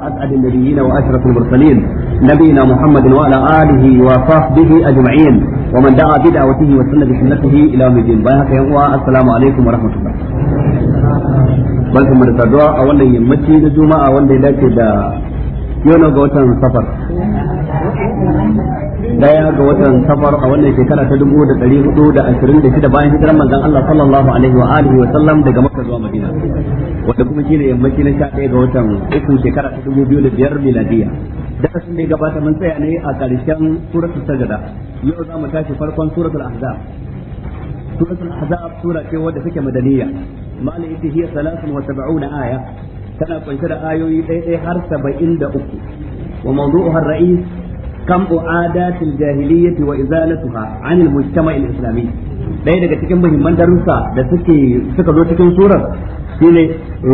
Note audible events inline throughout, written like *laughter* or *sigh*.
أسعد النبيين وأشرف المرسلين نبينا محمد وعلى آله وصحبه أجمعين ومن دعا بدعوته وسن بسنته إلى يوم الدين بايعك يا السلام عليكم ورحمة الله barkan mu da saduwa a wannan yammaci na juma'a wanda ya dace da yau na ga watan safar daya ga watan safar a wannan shekara ta dubu da ɗari hudu da ashirin da shida bayan hijirar manzon Allah sallallahu alaihi wa alihi wa sallam daga Makka zuwa Madina wanda kuma shine yammaci na 11 ga watan uku shekara ta dubu biyu da biyar miladiya darasin da ya gabata mun tsaya ne a ƙarshen suratul sajada yau za mu tashi farkon suratul ahzab suratul ahzab sura ce wadda take madaniya malai ita hiya 73 aya tana kunshe da ayoyi ɗaya har 73 wa mawdu'uha ar-ra'is kam'u adatil jahiliyyati wa izalatuha anil mujtama'il islami ɗaya daga cikin muhimman darussa da suke suka zo cikin surar shine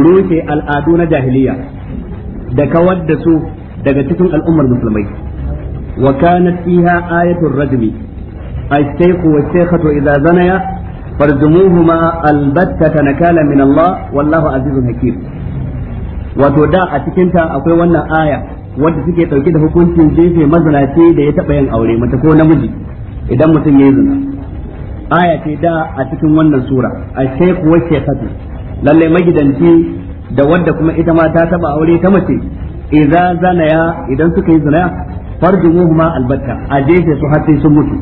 rushe al'adu na jahiliya da kawar da su daga cikin al'ummar musulmai wa kanat fiha ayatul rajmi الشيخ والشيخة إذا زنيا فارجموهما البتة نكالا min Allah, والله عزيز Hakim. wato da a cikinta akwai wannan aya wanda suke dauke da hukuncin jefe mazinaci da ya taba yin aure mace ko namiji idan mutum ya yi zina aya ce da a cikin wannan sura a sheku wa shekatu lalle magidanci da wadda kuma ita ma ta taba aure ta mace idza zanaya idan suka yi zina farjumuhuma albatta a jefe su har sai sun mutu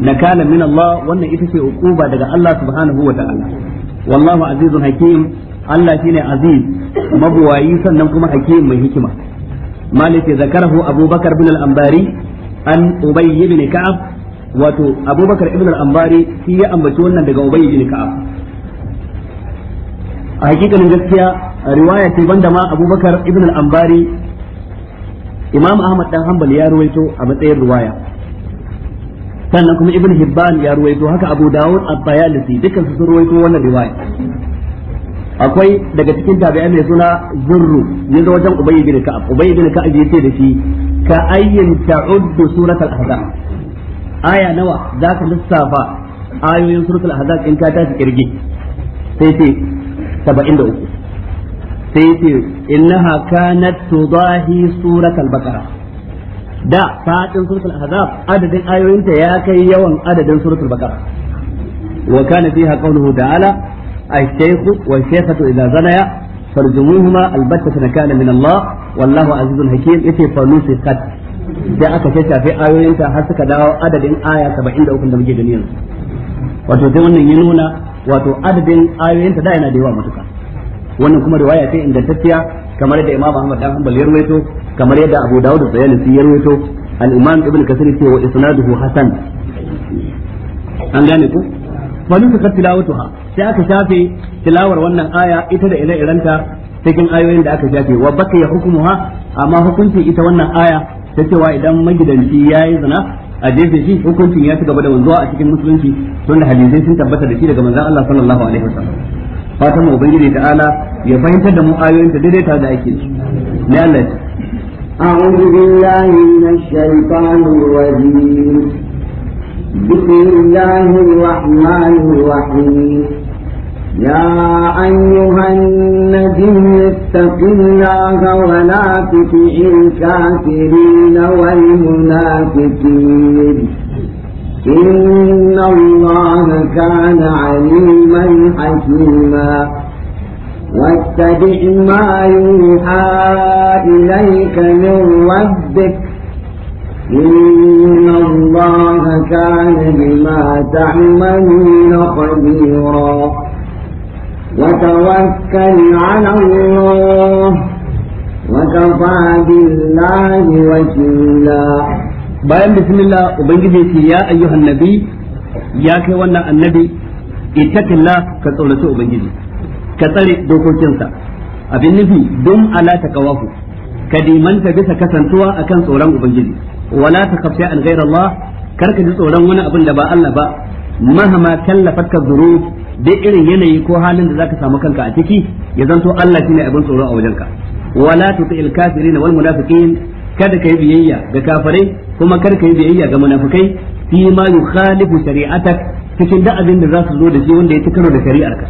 nakala min Allah wannan ita ce ukuba daga Allah subhanahu wa ta'ala wallahu azizun hakim Allah shine aziz mabuwayi sannan kuma hakim mai hikima malik zakarahu abubakar bin al-ambari an ubay ibn ka'ab wato abubakar ibn al-ambari shi ya ambaci wannan daga ubay ibn ka'ab a hakikanin gaskiya riwaya ce banda ma abubakar ibn al-ambari imam ahmad dan hambal ya ruwaito a matsayin riwaya sannan kuma ibn hibban ya ruwaito haka abu dawud at-tayalisi dukkan su ruwaito wannan riwaya akwai daga cikin tabi'ai mai suna zurru ya zo wajen ubayi bin ka'ab ubayi bin ka'ab yace da shi ka ayyin ta'uddu suratul ahzab aya nawa zaka lissafa ayoyin suratul ahzab in ka tashi kirge sai ce 73 sai ce innaha kanat tudahi suratul baqara da fatin suratul ahzab adadin ayoyinta ya kai yawan adadin suratul baqara wa kana fiha qawluhu ta'ala الشيخ والشيخة إذا زنيا فارجموهما البتة نكالا من الله والله عزيز حكيم يتي فنسخت sai aka shaita fi ayoyinta har suka dawo adadin aya 73 da muke gani yanzu wato sai wannan ya nuna wato adadin ayoyinta da yana da yawa matuka wannan kuma riwaya ce ingantacciya kamar yadda Imam Ahmad dan Hanbal ya rawaito kamar yadda Abu Dawud da Sayyid ya rawaito al-Imam Ibn Kathir ce wa isnaduhu hasan an gane ku fa nusu tilawatuha sai aka shafe tilawar wannan aya ita da ire-irenta cikin ayoyin da aka shafe wa baka ya hukumuha amma hukuncin ita wannan aya ta cewa idan magidanci ya yi zina a jefe shi hukuncin ya ci gaba da wanzuwa a cikin musulunci don da hadisai sun tabbata da shi daga manzon Allah sallallahu alaihi wasallam fatan ubangiji ta'ala ya fahimtar da mu ayoyin ta daidaita da ake su ne Allah أعوذ بالله من الشيطان بسم الله الرحمن الرحيم يا أيها النبي اتق الله ولا تطع الكافرين والمنافقين إن الله كان عليما حكيما واتبع ما يوحى إليك من ربك إن bayan bismillah ubangiji yake ya ayyuhan nabi ya kai wannan annabi ittaqillah ka tsaurace ubangiji ka tsare dokokinsa abin nufi dum ala taqawahu ka dimanta bisa kasantuwa akan tsoron ubangiji wala takhaf shay'an ghayra Allah karka ji tsoron wani abin da ba Allah ba mahama kallafatka dhurub duk irin yanayi ko halin da zaka samu kanka a ciki ya zanto Allah shine abin tsoro a wajenka wala tuti'il kafirin wal munafiqin kada kai biyayya ga kafirai kuma kada kai biyayya ga munafikai fi ma yukhalifu shari'atak cikin da abin da za su zo da shi wanda ya ci da shari'arka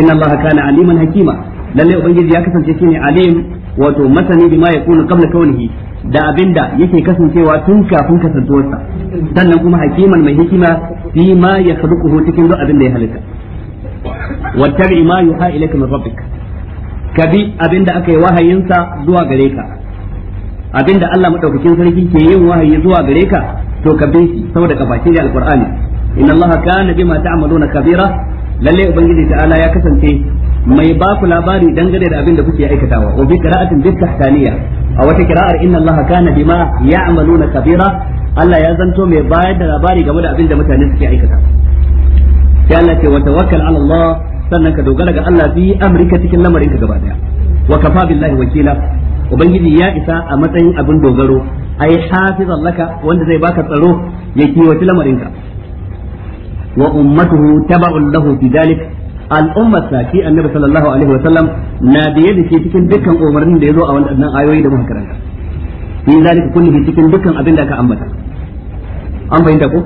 inna Allah kana aliman hakima lalle ubangiji ya kasance shine alim wato masani bima yakunu qabla kaunihi da abinda yake kasancewa tun kafin kasantuwarsa sannan kuma hakiman mai hikima fi ma yakhluquhu cikin duk abinda ya halitta wattabi ma yuha ilayka min kabi abinda aka yi wahayinsa zuwa gare ka abinda Allah madaukakin sarki ke yin wahayi zuwa gare ka to ka bi shi saboda ka bace da alqur'ani inna allaha kana bima ta'maluna kabira lalle ubangiji ta'ala ya kasance mai ba ku labari dangane da abin da kuke aikatawa wa bi qira'atin bi tahtaniya a wata qira'ar inna allaha kana bima ya'maluna kabira Allah ya zanto mai bayar da labari game da abin da mutane suke aikata sai Allah ce wa tawakkal ala Allah sannan ka dogara ga Allah fi amrika cikin lamarin ka gaba daya wa kafa billahi wakila ubangiji ya isa a matsayin abin dogaro ai hafizan laka wanda zai baka tsaro ya kiwaci lamarin ka wa ummatuhu taba'un lahu fi dalik al'ummar sa annabi sallallahu alaihi wa sallam na da yadda shi cikin dukkan umarnin da ya zo a wannan ayoyi da muka karanta fi zalika kullihi cikin dukkan abin da aka ambata an bayyana ko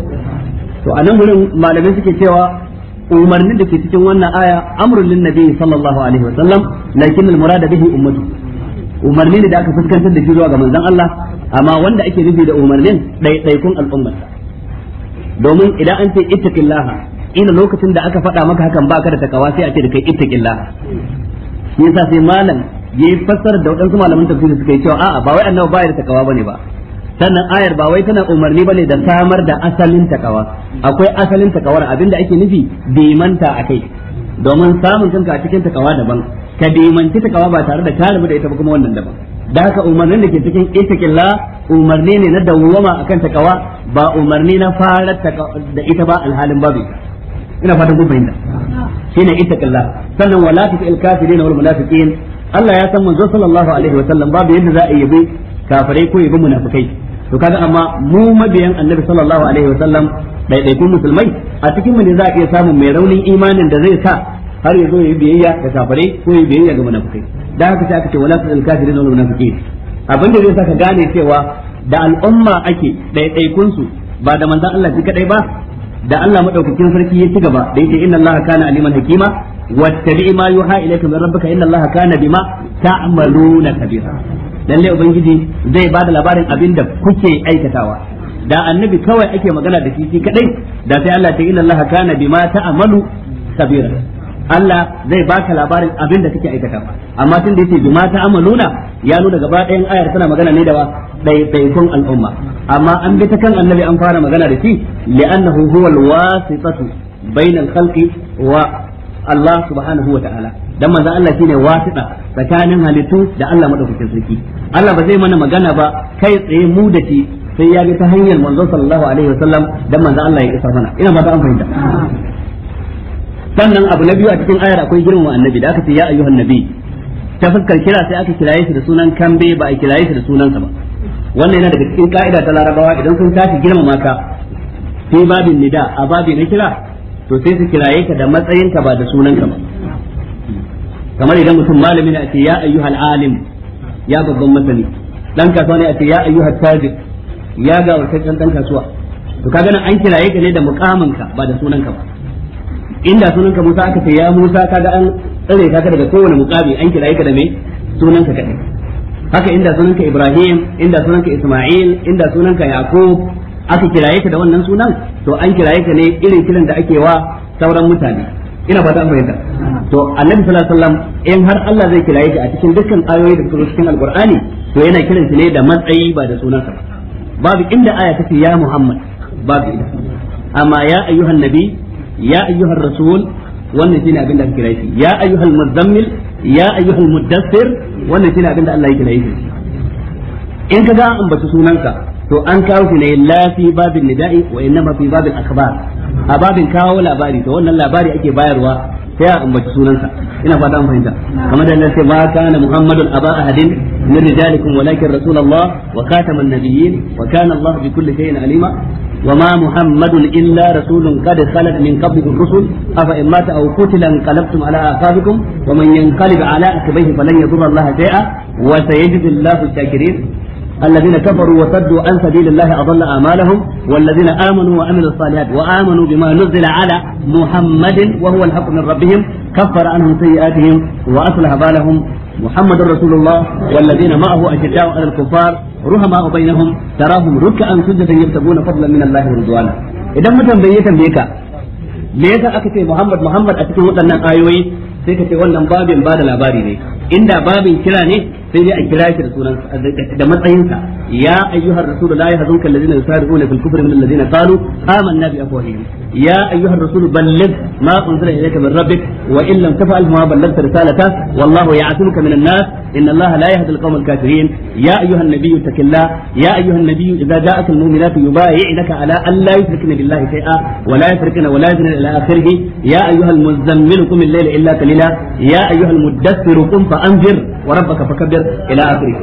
to a nan gurin malamai suke cewa umarnin da ke cikin wannan aya amrul lin nabi sallallahu alaihi wa sallam lakin al murada bihi ummatu umarni ne da aka fuskantar da shi zuwa ga manzon Allah amma wanda ake nufi da umarnin ɗaiɗaikun al'ummarsa domin idan an ce ittaqillaha ina lokacin da aka faɗa maka hakan baka da takawa sai a ce da kai ittaqillah shi yasa sai malam yayi fassara da wadansu malaman tafsiri suka yi cewa a'a ba wai annabi baya da takawa bane ba sannan ayar ba wai tana umarni bane da samar da asalin takawa akwai asalin takawar abinda ake nufi manta akai domin samun kanka a cikin takawa daban ka bimanci takawa ba tare da talibi da ita ba kuma wannan daban da haka umarnin da ke cikin ittaqilla umarni ne na dawwama akan takawa ba umarni na fara da ita ba alhalin babu ina fatan kun fahimta shine ittaqilla sannan wala tu'il kafirin wal munafiqin Allah ya san manzo sallallahu alaihi wa sallam babu yadda za a yabi kafirai ko yabi munafikai to kaga amma mu mabiyan annabi sallallahu alaihi wa sallam daidaikun musulmai a cikin mu ne za a iya samun mai raunin imanin da zai sa har ya zo ya yi biyayya ga kafirai ko ya yi biyayya ga munafikai da haka sai aka ce wala tu'il kafirin wal munafiqin abin da zai saka gane cewa da al'umma ake ɗaiɗaikun su ba da manzan Allah shi kadai ba da Allah madaukakin sarki ya ci gaba da ita inna Allah kana aliman hakima wattabi ma yuha ilayka min rabbika inna Allah kana bima ta'maluna kabira lalle ubangiji zai ba da labarin abin da kuke aikatawa da annabi kawai ake magana da shi kadai da sai Allah ta inna Allah kana bima ta'malu kabira Allah zai baka labarin abin da kake aikata amma tun da yake bima ta amaluna ya nuna gaba ɗayan ayar tana magana ne da ɗaiɗaikun al'umma amma an bi ta kan annabi an fara magana da shi li'annahu huwa al-wasitatu bainal khalqi wa Allah subhanahu wa ta'ala dan manzo Allah shine wasita tsakanin halittu da Allah madaukakin sarki Allah ba zai mana magana ba kai tsaye mu da shi sai ya ga ta hanyar manzo sallallahu alaihi wasallam dan manzo Allah ya isa mana ina ba ta an fahimta sannan abu na biyu a cikin ayar akwai girmama annabi da aka ce ya ayyuhan nabi ta fuskar kira sai aka kiraye shi da sunan kambe ba a kiraye shi da sunansa ba wannan yana daga cikin ka'ida ta larabawa idan sun tashi girmama ka sai babin nida a babi na kira to sai su kiraye ka da matsayinka ba da sunanka ba kamar idan mutum malami ne a ce ya ayyuhal alim ya babban masani dan kasuwa ne a ce ya ayyuhal tajir ya ga wurtaccen dan kasuwa to kaga nan an kiraye ka ne da mukamin ba da sunanka ba inda sunan ka Musa aka ce ya Musa kaga an tsare ka daga kowane mukami an kira ka da me sunan ka kadai haka inda sunan ka Ibrahim inda sunan ka Isma'il inda sunan ka Yaqub aka kiraye ka da wannan sunan to an kiraye ka ne irin kiran da ake wa sauran mutane ina fata an fahimta to annabi sallallahu alaihi wasallam in har Allah zai kiraye ka a cikin dukkan ayoyi da suke cikin alqur'ani to yana kiran ne da matsayi ba da sunan ba babu inda aya ta ce ya Muhammad babu ina amma ya ayyuhan nabi ya ayyuhar rasul wannan shine abin da aka ya ayyuhal muzammil ya ayyuhal muddassir wannan shine abin da Allah ya in ka ga an bace sunanka to an kawo shi ne la fi babin nida'i wa innama a babin kawo labari to wannan labari ake bayarwa sai a ambaci sunansa ina fata an fahimta kamar da Allah sai ma kana muhammadun aba ahadin min rijalikum walakin rasulullah wa khataman nabiyyin wa kana Allah bi kulli shay'in alima wa ma muhammadun illa rasulun kada khalat min qablikum rusul afa in mata aw qutila anqalabtum ala aqabikum wa man yanqalib ala akbayhi falan yadurra Allah shay'a wa sayajidu Allahu shakirin الذين كفروا وصدوا عن سبيل الله أضل أعمالهم والذين آمنوا وعملوا الصالحات وآمنوا بما نزل على محمد وهو الحق من ربهم كفر عنهم سيئاتهم وأصلح بالهم محمد رسول الله والذين معه أشداء على الكفار رحماء بينهم تراهم ركعا سجدا يبتغون فضلا من الله ورضوانه إذا متى بيتا بيكا me yasa aka ce Muhammad Muhammad a cikin waɗannan ayoyi sai ka ce wannan babin ba da labari ne inda babin kira ne sai dai a kira shi da da matsayinsa ya ayyuhar rasulu la yahzunka alladhina yusari'una fil kufri min alladhina qalu amanna bi afwahihim ya ayyuhar rasulu balligh ma unzila ilayka min rabbik wa in lam taf'al ma ballaghta risalata wallahu ya'tumuka min an-nas inna allaha la yahdi al-qawma al-kafirin ya ayyuhan nabiyyu taqillah ya ayyuhan nabiyyu idza ja'aka al-mu'minatu yubayi'unaka ala an la yushrikna billahi shay'a wa la yushrikna wa la yuzna ila akhirih ya ayyuhal muzammil qum al-layla illa ya ayyuhar muddaththir qum anzir wa rabbaka fakabbir ila akhirih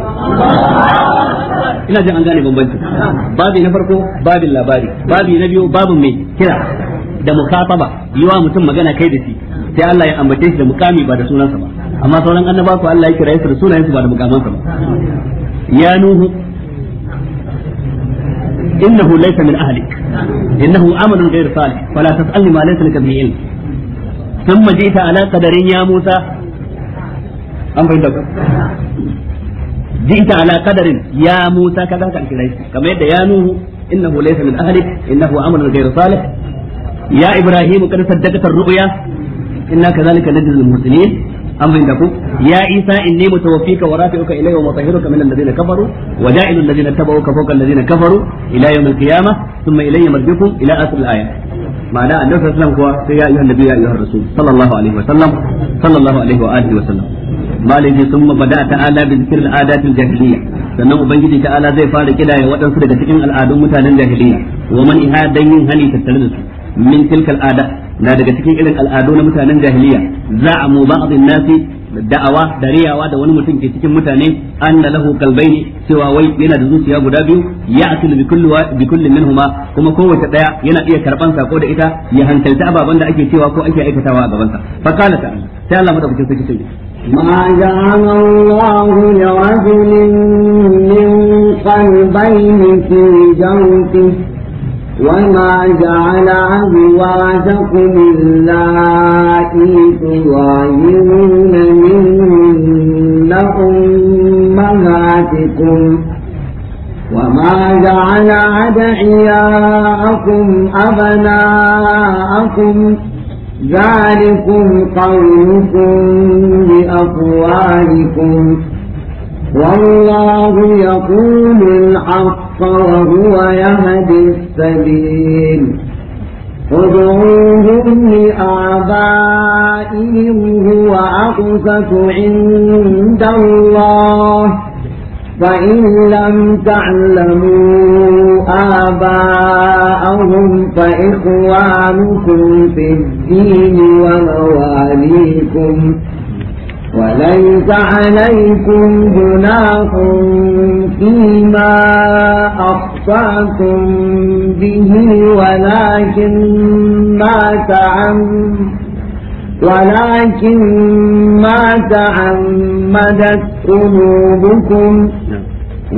ina jin an gane bambanci babi na farko babin labari babi na biyu babin mai kira da mukataba yiwa mutum magana kai da shi sai Allah ya ambace shi da mukami ba da sunansa ba amma sauran annaba ku Allah ya kira su da sunayensu ba da mukamansa ba ya nuhu innahu laysa min ahlik innahu amalun ghayr salih fala tas'alni ma laysa laka bi ilm ثم جئت على قدر يا موسى an fahimta ku jinta ala kadarin ya Musa kaga haka kira shi kamar yadda ya Nuhu innahu laysa min ahlik innahu amalun ghayr salih ya Ibrahim kad saddaqta ar-ru'ya inna kadhalika najzil muhsinin an fahimta ku ya Isa inni mutawaffika wa rafi'uka ilayya wa mutahhiruka min alladhina kafaru wa ja'ilu alladhina tabauka fawqa alladhina kafaru ila yawm al-qiyamah thumma ilayya marji'ukum ila asl al-ayah ma'ana annabi sallallahu alaihi wa sallam kuwa sai ya ayyuhan nabiyyu ya ayyuhar rasul sallallahu alaihi wa sallam sallallahu alaihi wa alihi wa sallam malai sun bada ta'ala bi zikr al'adat jahiliya sannan ubangiji ta'ala zai fara kidaya waɗansu daga cikin al'adun mutanen jahiliya wa man ihadan yin hani tattare da su min tilka al'ada na daga cikin irin al'adu na mutanen jahiliya za'amu ba'd an-nasi da'awa da riyawa da wani mutum ke cikin mutane anna lahu cewa wai yana da zuciya guda biyu ya akilu bi kulli bi kulli minhuma kuma kowace daya yana iya karban sako da ita ya hankalta ababan da ake cewa ko ake aikatawa a gaban sa fa kana ta sai Allah madaukakin sarki sai ما جعل الله لرجل من قلبين في جوفه وما جعل أزواجكم اللائي تظاهرون منهن أمهاتكم وما جعل أدعياءكم أبناءكم ذلكم قولكم بأقوالكم والله يقول الحق الحق وهو يهدي السبيل ادعوهم لآبائهم هو أقسط عند الله فإن لم تعلموا آباءهم فإخوانكم في الدين ومواليكم وليس عليكم جناح فيما أخطأتم به ولكن ما تعم ولكن ما تعمدت قلوبكم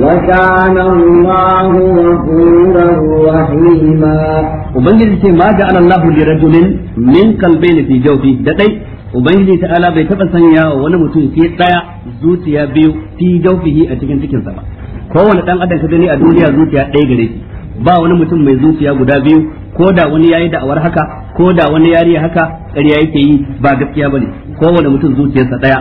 وكان الله غفورا رحيما Ubangiji ce ma ja'ala Allahu li rajulin min kalbain fi jawfi da ɗai Ubangiji ta'ala bai taɓa sanya wani mutum sai daya zuciya biyu fi jawfihi a cikin cikinsa ba kowane dan adam ka gani a duniya zuciya ɗaya gare shi ba wani mutum mai zuciya guda biyu ko da wani yayi da'awar haka ko da wani yari haka ƙarya yake yi ba gaskiya bane kowane mutum zuciyarsa ɗaya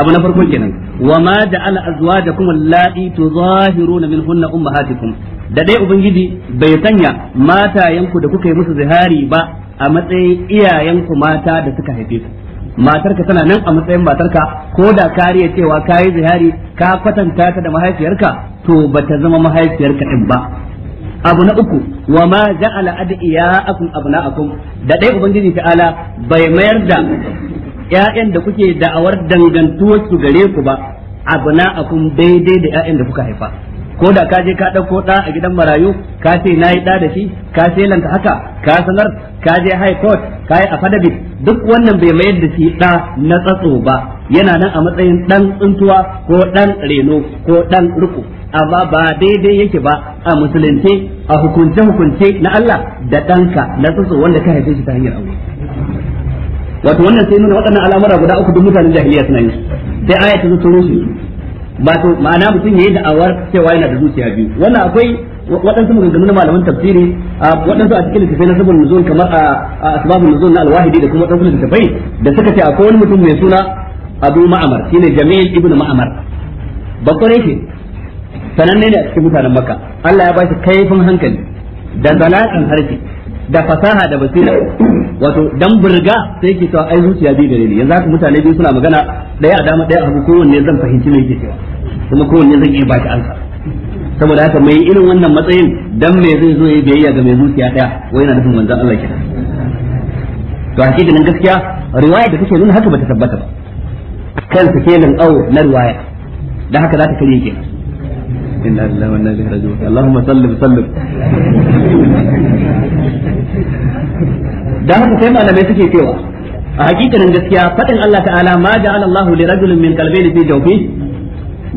abu na farko kenan wa ma ja'ala azwajakum allati tuzahiruna minhunna ummahatikum da dai ubangiji bai sanya matayenku da kuka yi musu zihari ba a matsayin iyayenku mata da suka haife ku matarka tana nan a matsayin matarka ko da kariya cewa ka yi zihari ka kwatanta ta da mahaifiyarka to ba ta zama mahaifiyarka ɗin ba abu na uku wa ma ja'ala adiyakum abna'akum da dai ubangiji ta'ala bai mayar da 'ya'yan da kuke da'awar dangantuwar su gare ku ba abna'akum daidai da 'ya'yan da kuka haifa ko da ka je ka ɗauko ɗa a gidan marayu ka ce na yi ɗa da shi ka selanta haka ka sanar ka je high court ka yi a duk wannan bai mayar da shi ɗa na tsatso ba yana nan a matsayin ɗan tsuntuwa ko ɗan reno ko ɗan ruku amma ba daidai yake ba a musulunce a hukunce hukunce na Allah da ɗanka na tsatso wanda ka haife shi ta hanyar aure wato wannan sai nuna waɗannan al'amura guda uku duk mutanen jahiliya suna yi sai aya ta zo wato ma'ana mutum yayi da awar cewa yana da zuciya biyu wannan akwai waɗansu maganganu na malaman tafsiri waɗansu a cikin littafai na sabon nuzul kamar a asbabun nuzul na alwahidi da kuma waɗansu littafai da suka ce akwai wani mutum mai suna abu ma'amar shine jami'in ibnu ma'amar bakwai shi sananne ne a cikin mutanen makka Allah ya ba shi kaifin hankali da zalaƙin harshe da fasaha da basira wato dan burga sai ke cewa ai zuciya bi gare ni yanzu haka mutane biyu suna magana daya a dama daya a hagu kowanne zan fahimci me yake cewa kuma kowanne zan iya baki ansa saboda haka mai irin wannan matsayin dan me zai zo yayi biyayya ga mai zuciya daya wai yana nufin manzon Allah kenan to hakika nan gaskiya riwaya da kake nuna haka bata tabbata ba kan sakelin au na riwaya dan haka za ta kare ke. inna lillahi wa inna ilaihi raji'un allahumma salli sallim Da haka sai malamai suke cewa a hakikanin gaskiya fadin Allah ta'ala ma ja'ala Allah li rajulin min qalbayni fi jawfi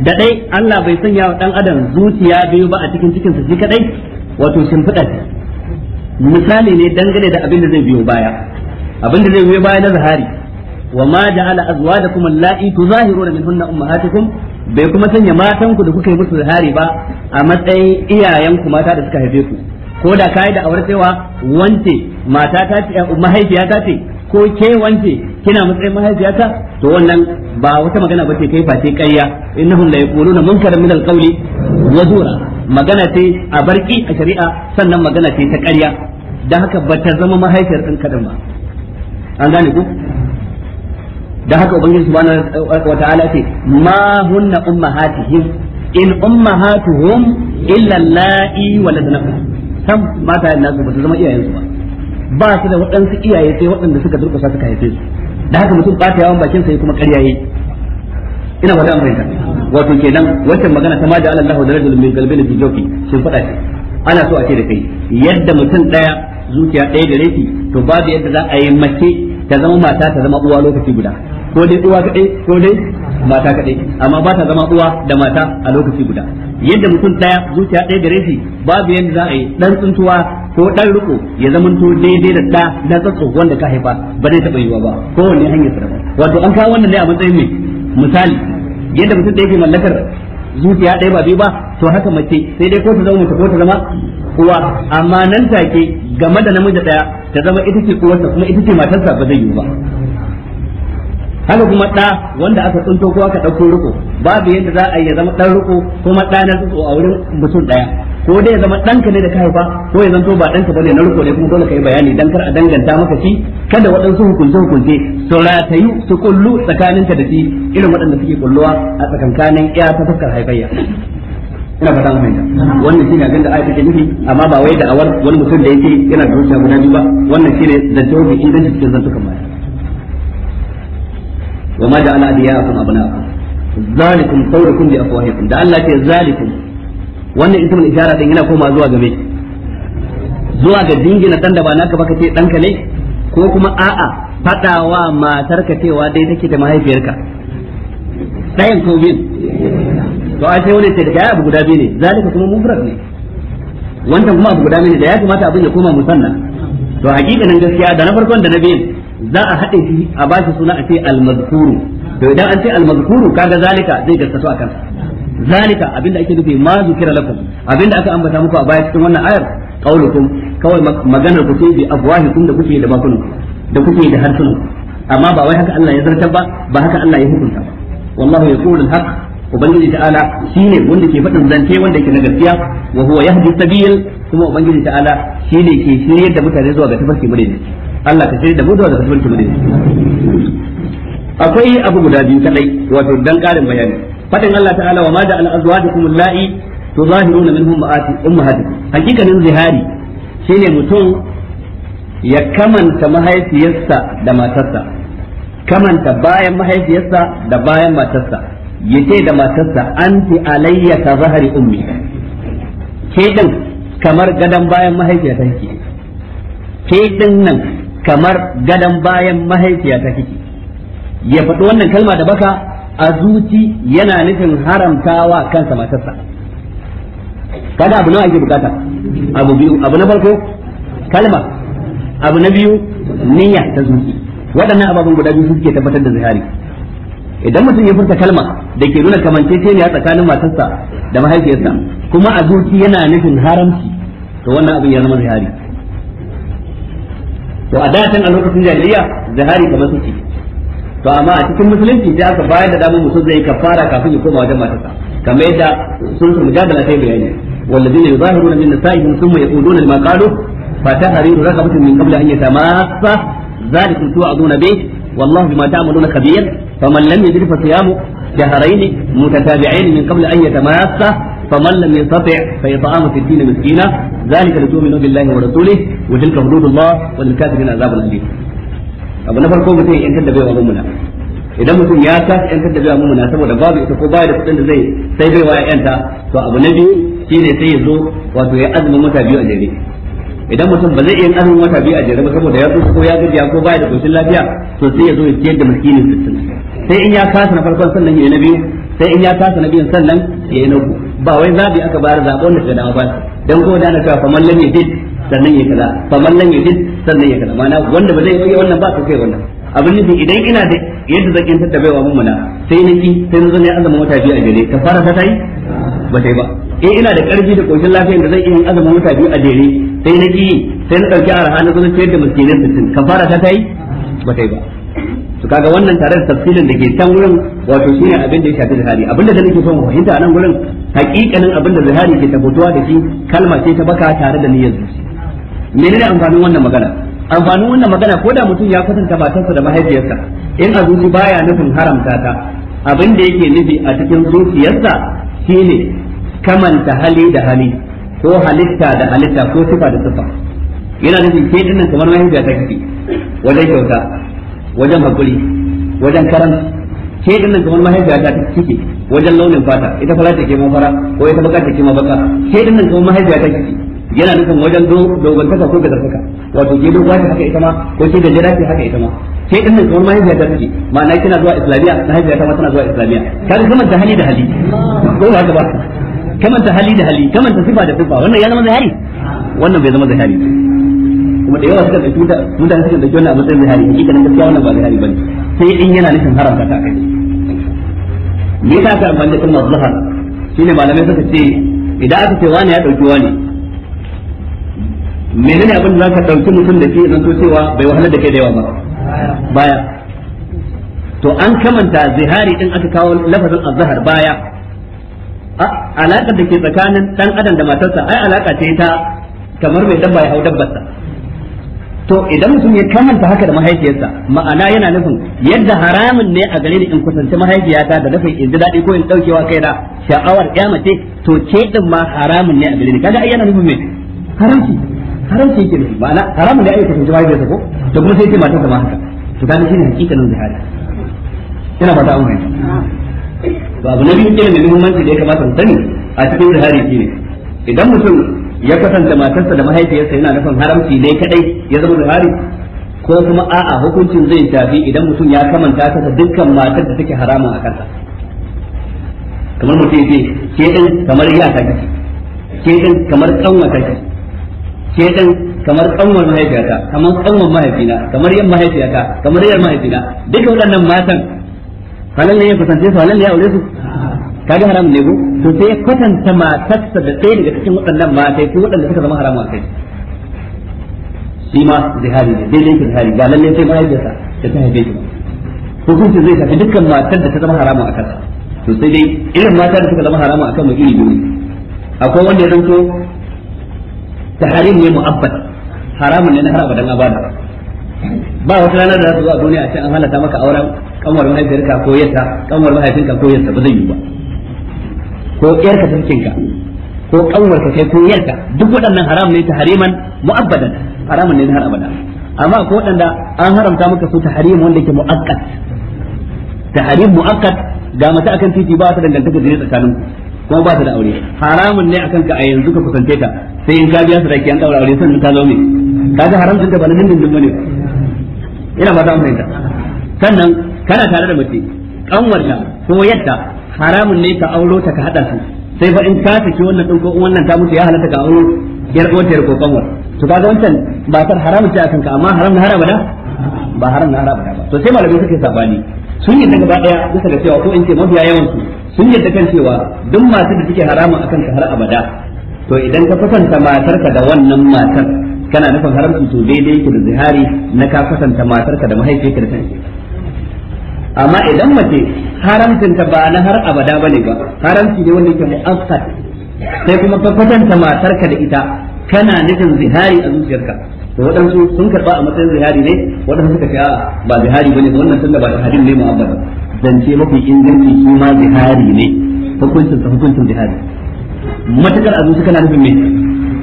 da dai Allah bai sanya wa dan adam zuciya biyu ba a cikin cikin sa shi kadai wato shimfidar misali ne dangane da abin da zai biyo baya abin da zai biyo baya na zahari wa ma ja'ala azwajakum allati tuzahiruna minhunna ummahatukum bai kuma sanya matanku da kuka yi musu zahari ba a matsayin iyayenku mata da suka haife ku ko da kai da aure cewa wance mata ta ce eh, mahaifiya ta ce ko ke wance kina matsayin mahaifiya ta to wannan ba wata magana ba ce kai face ƙarya innahum la yaquluna munkaran min alqawli wa zura magana ce a barki a shari'a sannan magana ce ta ƙarya da haka ba ta zama mahaifiyar ɗan kadan ba an gane ku da haka ubangiji subhanahu wa ta'ala ce ma hunna ummahatihim in ummahatuhum illa wa waladna sam mata nasu ba su zama iyayensu ba ba su da waɗansu iyaye sai waɗanda suka durƙusa suka haife su da haka mutum ta yawan bakin sa kuma ƙarya ina fata amfani ta wato kenan wancan magana ta ma da Allah da rajul min qalbin fi jawfi sun faɗa shi ana so a ce da kai yadda mutum ɗaya zuciya ɗaya da rafi to babu yadda za a yi mace ta zama mata ta zama uwa lokaci guda ko dai uwa kaɗai ko dai mata kaɗai amma ba ta zama uwa da mata a lokaci guda yadda mutum ɗaya zuciya ɗaya da rafi babu yadda za a yi ɗan tsuntuwa ko dan riko ya zamanto daidai da da na tsatsu wanda ka haifa ba zai taba yiwa ba ko wanne hanyar sa wato an kawo wannan ne a matsayin mai misali yadda mutum da yake mallakar zuciya ɗaya ba biyu ba to haka mace sai dai ko ta zama mace ko ta zama uwa amma nan take game da namiji daya ta zama ita ce uwarsa kuma ita ce matarsa ba zai yiwu ba haka kuma ɗa wanda aka tsinto ko aka ɗauko riko babu yadda za a yi ya zama ɗan riko kuma ɗa na tsotso a wurin mutum ɗaya ko dai ya zama ɗanka ne da ka haifa ko ya zanto ba ɗanka bane na riko ne kuma dole ka yi bayani dan kar a danganta maka shi kada waɗansu hukunce hukunce su ratayu su kullu tsakaninka da shi irin waɗanda suke kulluwa a tsakankanin ya ta fuskar haifayya ina fata mai wannan shine abin da take nufi amma ba wai da awar wani mutum da yake yana da zuciya guda biyu ba wannan shine zance wanda idan cikin zantukan mata wa ma ja'ala adiyakum abna'akum zalikum qawlukum bi afwahikum da Allah ce zalikum wannan ismul ishara din zuwa game zuwa ga dingina dan da ba naka kace danka ne ko kuma a'a fadawa matarka dai take da mahaifiyarka dayan ko to a sai wani ce da ya abu guda biyu zalika kuma mufrad ne wannan kuma abu guda biyu da ya kamata abin ya koma musanna to hakikanin gaskiya da na farkon da na biyu za a haɗe shi a bashi suna a ce almazkuru to idan an ce almazkuru kaga zalika zai gaskato akan zalika abinda ake nufi ma zukira lakum abinda aka ambata muku a baya cikin wannan ayar qaulukum kawai maganar ku ce bi afwahikum da kuke da bakunku da kuke da harsunan amma ba wai haka Allah ya zartar ba ba haka Allah ya hukunta ba wallahu yaqulu al ubangiji ta'ala shine wanda ke faɗin zance wanda yake na gaskiya wa huwa yahdi sabil kuma ubangiji ta'ala shine ke shiryar da mutane zuwa ga tafarki madaidaici Allah ka shirya da mu da kasuwanci mu akwai abu guda biyu kadai wato dan karin bayani fadin Allah ta'ala wa ma ja'ala azwajukum allati tuzahiruna minhum ummahatikum hakikanin zihari shine mutum ya kamanta mahaifiyarsa da matarsa kamanta bayan mahaifiyarsa da bayan matarsa yace da matarsa anti alayya ta zahari ummi ke din kamar gadan bayan mahaifiyarta ke ke din nan kamar gadan bayan mahaifiya ta kike ya faɗi wannan kalma da baka a zuci yana nufin haramtawa kansa matarsa kada abu nawa ake bukata abu biyu abu na farko kalma abu na biyu niyya ta zuci waɗannan ababen guda biyu suke tabbatar da zihari idan mutum ya furta kalma da ke nuna kamanceceniya tsakanin matarsa da mahaifiyarsa kuma a zuci yana nufin haramci to wannan abin ya zama zihari to a datan a lokacin jahiliya zahari kamar su ce to amma a cikin musulunci sai aka bayar da damar mutum zai fara kafin ya koma wajen matarsa kamar yadda sun su mujadala sai bayani walladina yuzahiruna min nisaihim thumma yaquluna lima qalu fa tahriru raqabatin min qabli an yatamassa zalikum tu'aduna bih wallahu bima ta'maluna khabir faman lam yajid fa siyamu shahrayn mutatabi'ain min qabli an yatamassa faman lam yastati fa yat'amu 60 miskina zalika litu'minu billahi wa rasulihi wa tilka hududullah wa lil kafirin azabun alim abu na farko mutum yan kan da bai wa mummuna idan mutum ya tashi yan kan da bai wa mummuna saboda babu ita ko baya da kudin da zai sai bai wa yanta to abu na biyu shine sai ya zo wato ya azumin mata biyu a jere idan mutum ba zai yin azumin wata biyu a jere ba saboda ya ko ya gajiya ko baya da koshin lafiya to sai ya zo ya ciyar da miskinin sittin sai in ya kasa na farkon sannan ya na biyu sai in ya kasa na biyan sannan ya yi nagu ba wai zabi aka bayar zaɓo wanda ka dama ba dan ko da na cewa faman lamye yajid sannan ya kaza faman lamye yajid sannan ya kaza mana wanda ba zai yi wannan ba ka kai wannan abin nufin idan ina da yadda zan yantar da baiwa mun muna sai na ki sai na zo ne azama wata biyu a jere ka fara ta tai ba yi ba in eh, ina da karfi da koshin lafiyar da zan iya azama wata biyu a jere sai na ki sai na ɗauki arha na zo na ciyar da maskinin sittin ka fara ta yi ba tai ba to kaga wannan tare da tafsirin da ke can wurin wato shine abin da ya shafi zahari abin da nake son fahimta a nan wurin hakikanin abin da zahari ke tabbatuwa da shi kalma ce ta baka tare da niyyar zuci menene amfanin wannan magana amfanin wannan magana ko da mutum ya kwatanta matarsa da mahaifiyarsa in a zuci baya nufin haramta ta abin da yake nufi a cikin zuciyarsa shine kamanta hali da hali ko halitta da halitta ko sifa da sifa yana nufin ke dinnan kamar mahaifiya ta kike wajen kyauta wajen hakuri wajen karan ke dinnan kamar mahaifiya ta kike wajen launin fata ita fara take mun fara ko ita baka take mun baka ke dinnan kamar mahaifiya ta kike yana nufin wajen dogantaka ko gadartaka wato ke dogon ce haka ita ma ko ke gajera ce haka ita ma ke dinnan nan kamar mahaifiya ta take ma'ana kina zuwa islamiya mahaifiya ta ma tana zuwa islamiya kaga kamar ta hali da hali ko ka ba kamar ta hali da hali kamar ta sifa da sifa wannan ya zama zahiri wannan bai zama zahiri kuma da yawa suka da mutane suka da wannan na matsayin zihari shi nan gaskiya wannan ba zihari bane sai in yana nufin haramta ta kai me yasa aka amfani da kalmar shi shine malamai suka ce idan aka ce wani ya dauki wani menene abin da zaka dauki mutum da ke nan to cewa bai wahalar da kai da yawa ba baya to an kamanta zihari din aka kawo lafazin azhar baya alaƙar da ke tsakanin dan adam da matarsa ai alaƙa ce ta kamar mai dabba ya hau dabbarsa to idan mutum ya kamanta haka da mahaifiyarsa ma'ana yana nufin yadda haramun ne a gare ni in kusanci mahaifiyata da nufin in ji daɗi ko in ɗaukewa da sha'awar ƙyamace to ke din ma haramun ne a gare ni kaga ai yana nufin me haramci haramci yake nufi ma'ana haramun ne ai kusanci mahaifiyarsa ko to kuma sai ce matarsa ma haka to kaga shine hakikanin zihari ina fata an fahimta to abu na biyu kenan da muhimmanci da ya kamata mu sani a cikin zihari shine idan mutum ya kasance matarsa da mahaifiyarsa yana nufin haramci ne kadai ya zama zihari ko kuma a'a hukuncin zai tafi idan mutum ya kamanta ta dukkan matar da take haramun a kansa kamar mutum ya ce ke din kamar ya ta kike ke din kamar kanwa ta kike ke din kamar kanwar mahaifiyata kamar kanwar mahaifina kamar yan mahaifiyata kamar yan mahaifina duka waɗannan matan halin ne ya kusance su halal ne ya aure su kaga haramun ne ko to sai ya kwatanta matarsa da sai daga cikin waɗannan matai ko waɗanda suka zama haramun a kai shi ma zihari ne daidai dai zihari ga lalle sai mahaifiyarsa da ta haife shi hukunci zai shafi dukkan matar da ta zama haramun a to sai dai irin mata da suka zama haramun akan mu iri biyu akwai wanda ya zanto tahrim ne mu'abbad haramun ne na har dan abada ba wata ranar da za su zo a duniya a ce an halatta maka auren kanwar mahaifiyarka ko yarta kanwar mahaifinka ko yarta ba zai yi ba ko ƴarka ta cikin ka ko ƙanwarka ka kai ko yarka duk waɗannan haram ne ta hariman mu'abbadan haramun ne har abada amma ko waɗanda an haramta maka su ta harim wanda yake mu'akkad ta harim mu'akkad ga mata akan titi ba ta dangantaka da tsakanin ko ba ta da aure haramun ne akan ka a yanzu ka kusance ta sai in ka biya su da kiyan daura aure sannan ta zo ka ga haram din bana ba nan din bane ina ba ta amfani sannan kana tare da mace kanwarta ko yadda haramun ne ka auro ta ka hada su sai fa in ka saki wannan din ko wannan ta mutu ya halatta ka auro yar uwarta ko kanwar to kaga wancan ba tar haramun ce akan ka amma haram na haraba da ba haram na haraba ba to sai malamai suke sabani sun yi daga daya bisa ga cewa ko in ce mafiya yawan su sun yadda kan cewa duk masu da suke haramun akan ka har abada to idan ka matar ka da wannan matar kana nufin haramun to daidai ki da zihari na ka matar ka da mahaifiyarka da kanki amma idan mace haramcinta ba na har abada bane ba haramci ne wanda yake mu'akkad sai kuma ka kwatanta matarka da ita kana nufin zihari a zuciyarka to waɗansu sun karɓa a matsayin zihari ne waɗansu suka ce a'a ba zihari bane wannan tunda ba zihari ne dan ce mafi inganci shi ma zihari ne hukuncin sa hukuncin zihari matakar azu kana nufin me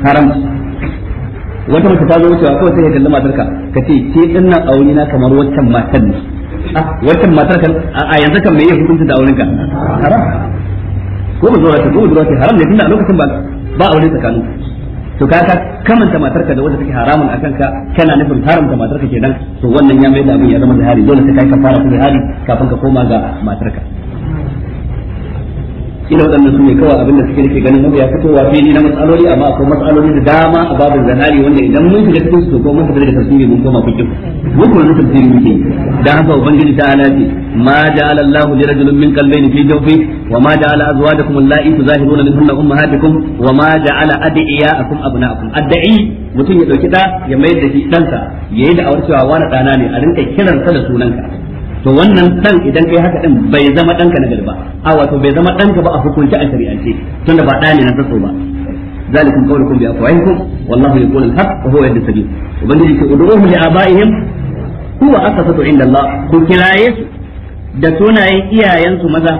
haramci wata mace ta zo wucewa kawai sai ya kalli matarka ka ce ke din aure na kamar waccan matan ne Ah, wancan matar kan a yanzu kan me yake hukunta da aurenka haram ko mu zuwa ta ko zuwa ta haram ne tunda a lokacin ba ba aure tsakanin to ka ka kamanta ka da wanda take haramun a kanka kana nufin haramta ka kenan to wannan ya mai da abin ya zama zahari dole sai kai fara kuma hali kafin ka koma ga ka ina waɗannan su ne kawai abin da suke nake ganin ya mabiya fitowa fili na matsaloli amma akwai matsaloli da dama a babin zanari wanda idan mun shiga cikin su ko mun shiga daga tafsiri mun koma fikin mun kuma na tafsiri muke dan haka ubangiji ta ala ce ma ja'ala Allahu li rajulin min qalbayni fi jawfi wa ma ja'ala azwajakum allati tuzahiruna minhunna ummahatikum wa ma ja'ala adiyakum abna'akum adda'i mutum ya dauki da ya mayar da shi dansa yayi da aure cewa wani dana ne a rinka kiransa da sunanka to wannan dan idan kai haka din bai zama danka na gari ba a wato bai zama danka ba a hukunci a shari'ance tunda ba dani na tsatso ba zalikum qawlukum bi afwahikum wallahu yaqulu al-haq wa huwa yahdi sabil ubangiji ke ud'uhum li abaihim huwa aqsatu inda Allah ku kiraye su da sunayen su maza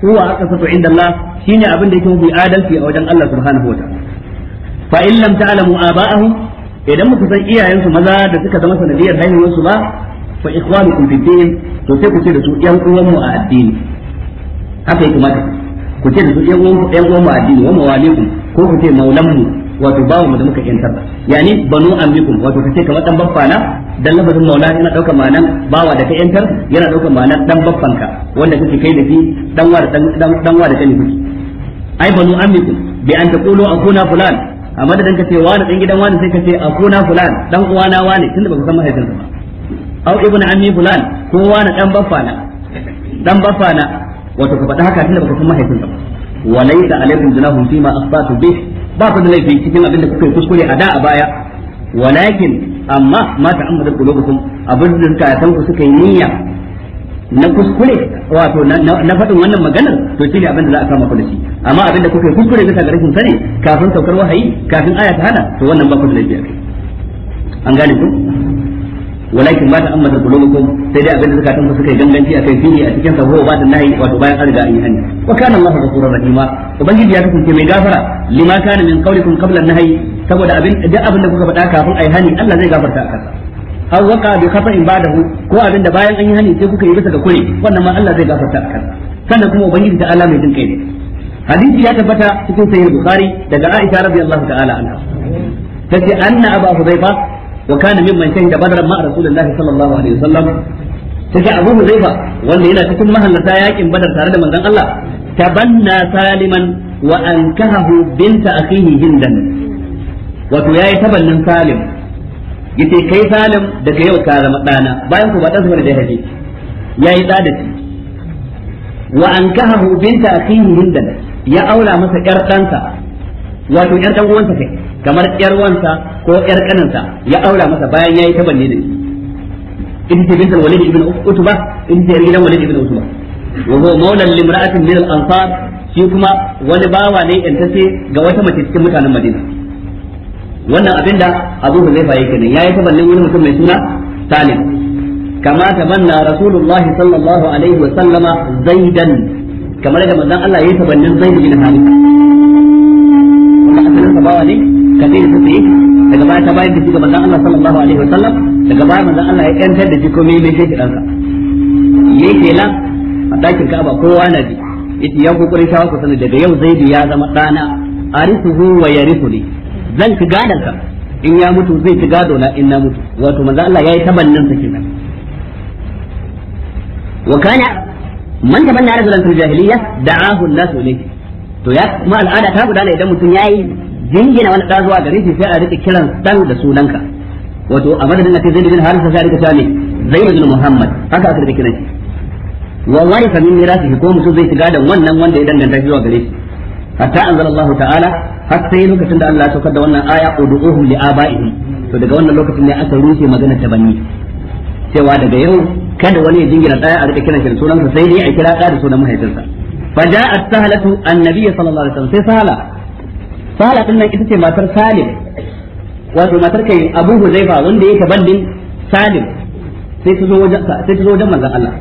huwa aqsatu inda Allah shine abin da yake bi adalci a wajen Allah subhanahu wa ta'ala fa in lam ta'lamu aba'ahum idan muka san iyayen su maza da suka zama sanadiyar haihuwarsu ba fa ikhwanukum fid din to sai ku ce da su yan uwan mu a addini haka yake mata ku ce da su yan uwan yan uwan mu a addini wa mawalikum ko ku ce maulan mu wato bawo mu da muka yanta da yani banu amikum wato kace kamar dan baffana dan lafazin maula yana daukar ma'anan bawa da ka yantar yana daukar ma'anan dan baffanka wanda kake kai da shi dan wa da dan wa da kani kuke ai banu amikum bi an taqulu akuna fulan da madadin ka ce wani dan gidan wani sai ka ce akuna fulan dan uwana wani tunda ku san mahaifinsa ba au ibnu ammi fulan ko wani dan baffana dan baffana wato ka faɗa haka tunda baka san mahaifinka ba walaysa alaikum junahum ma asbatu bih ba ku da laifi cikin abinda kuka yi kuskure a da a baya walakin amma ma ta'ammadu qulubukum abin da zakatan ku suka yi niyya na kuskure wato na faɗin wannan maganar to shi ne abin da za a kama ku da shi amma abinda kuka yi kuskure bisa ga rashin sani kafin saukar wahayi kafin aya ta hana to wannan ba ku da laifi akai an gane ku walakin ma ta'ammata qulubukum sai dai abinda zakatun ku suka yi ganganci akai fihi a cikin sa huwa ba'da nahi wato bayan an riga an yi hani wa kana Allahu ghafurur rahima ubangiji ya kasance mai gafara lima kana min qawlikum qabla an-nahi saboda abin da abinda kuka faɗa kafin ai hani Allah zai gafarta a kansa aw waqa bi khata'in ba'dahu ko abinda bayan an yi hani sai kuka yi bisa ga kure wannan ma Allah zai gafarta a kansa sannan kuma ubangiji ta Allah mai jin ne hadisi ya tabbata cikin sahih bukhari daga Aisha wa kana mimman shahida badran ma rasulullahi sallallahu alaihi wasallam take Abu Huzaifa wanda yana cikin mahallata yakin Badar tare da manzon Allah tabanna saliman wa ankahahu binta akhihi hindan wato yayi tabannin salim yace kai salim daga yau ka zama dana ba dan zuwa da haji yayi da da wa ankahahu binta hindan ya aura masa wato uwansa kai kamar yar wansa ko yar kaninsa ya aura masa bayan yayi ta banne da shi in ta bintul walid ibn utba in ta gidan da ibn utba wa huwa maulan limra'atin min al-ansar shi kuma wani bawa ne ce ga wata mace cikin mutanen Madina wannan abinda Abu Huzaifa yake ne yayi ta banne wani mutum mai suna Salim kama tabanna rasulullahi sallallahu alaihi wa sallama zaidan kamar da manzon Allah yayi tabannin zaid bin Harith wannan asalin sa bawa ne 190 daga baya ta bayar da shi ga manzon Allah sallallahu alaihi wasallam daga baya manzon Allah ya yantar da shi komai mai shi danka ke nan a dakin Ka'aba kowa na ji yace ya kokari ta ku sanin daga yau Zaidu ya zama dana arisuhu wa yarithuni zan ci gadon ka in ya mutu zai ci gado na in na mutu wato manzon Allah yayi tabannin sa kenan wa kana man tabanna rajulan fil jahiliyyah da'ahu an-nas ilayhi to ya kuma al'ada ta gudana idan mutum yayi jingina wani da zuwa gare shi sai a rika kiran dan da sunanka wato a madadin ake zaid bin harisa sai a rika cewa ne zaid bin muhammad haka aka rika kiran shi wa warisa min mirasihi ko mutum zai shiga da wannan wanda ya danganta zuwa gare shi hatta anzalallahu ta'ala har sai lokacin da Allah ya saukar da wannan aya ud'uhum li abaihim to daga wannan lokacin ne aka rushe magana ta banni cewa daga yau kada wani ya jingina daya a rika kiran shi sunansa sai dai a kira da sunan mahaifinsa فجاءت سهلة النبي صلى الله عليه وسلم سهلة sala din nan ita ce matar salim wato matar kai abu huzaifa wanda yake bandin salim sai ta zo wajen sai ta zo wajen manzon Allah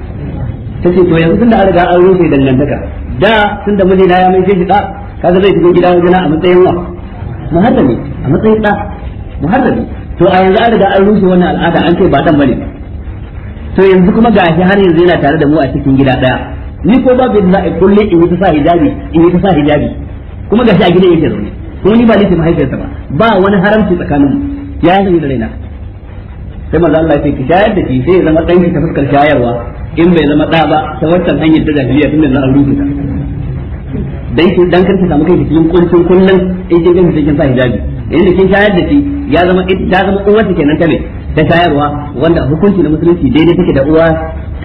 tace to yanzu tunda an riga an rufe dangantaka da tunda na ya mai shi da kaga zai shigo gida wajena a matsayin wa muharrami a matsayin da muharrami to a yanzu an riga an rufe wannan al'ada an ce ba dan bane to yanzu kuma gashi har yanzu yana tare da mu a cikin gida daya ni ko babu da za kulle in yi ta sa hijabi in yi ta sa hijabi kuma gashi a gidan yake zaune wani ba laifin mahaifiyarsa ba ba wani haramci tsakaninmu ya yi da raina sai maza Allah ya ce ki shayar da shi sai ya zama ɗanki ta fuskar shayarwa in bai zama ɗa ba ta wancan hanyar da jahiliya tun da za a rubuta dan kin dan kanta samu kai cikin kuncin kullun in kin ga cikin sa hijabi in kin shayar da shi ya zama ya zama uwarsa kenan ta ne ta shayarwa wanda hukunci na musulunci daidai take da uwa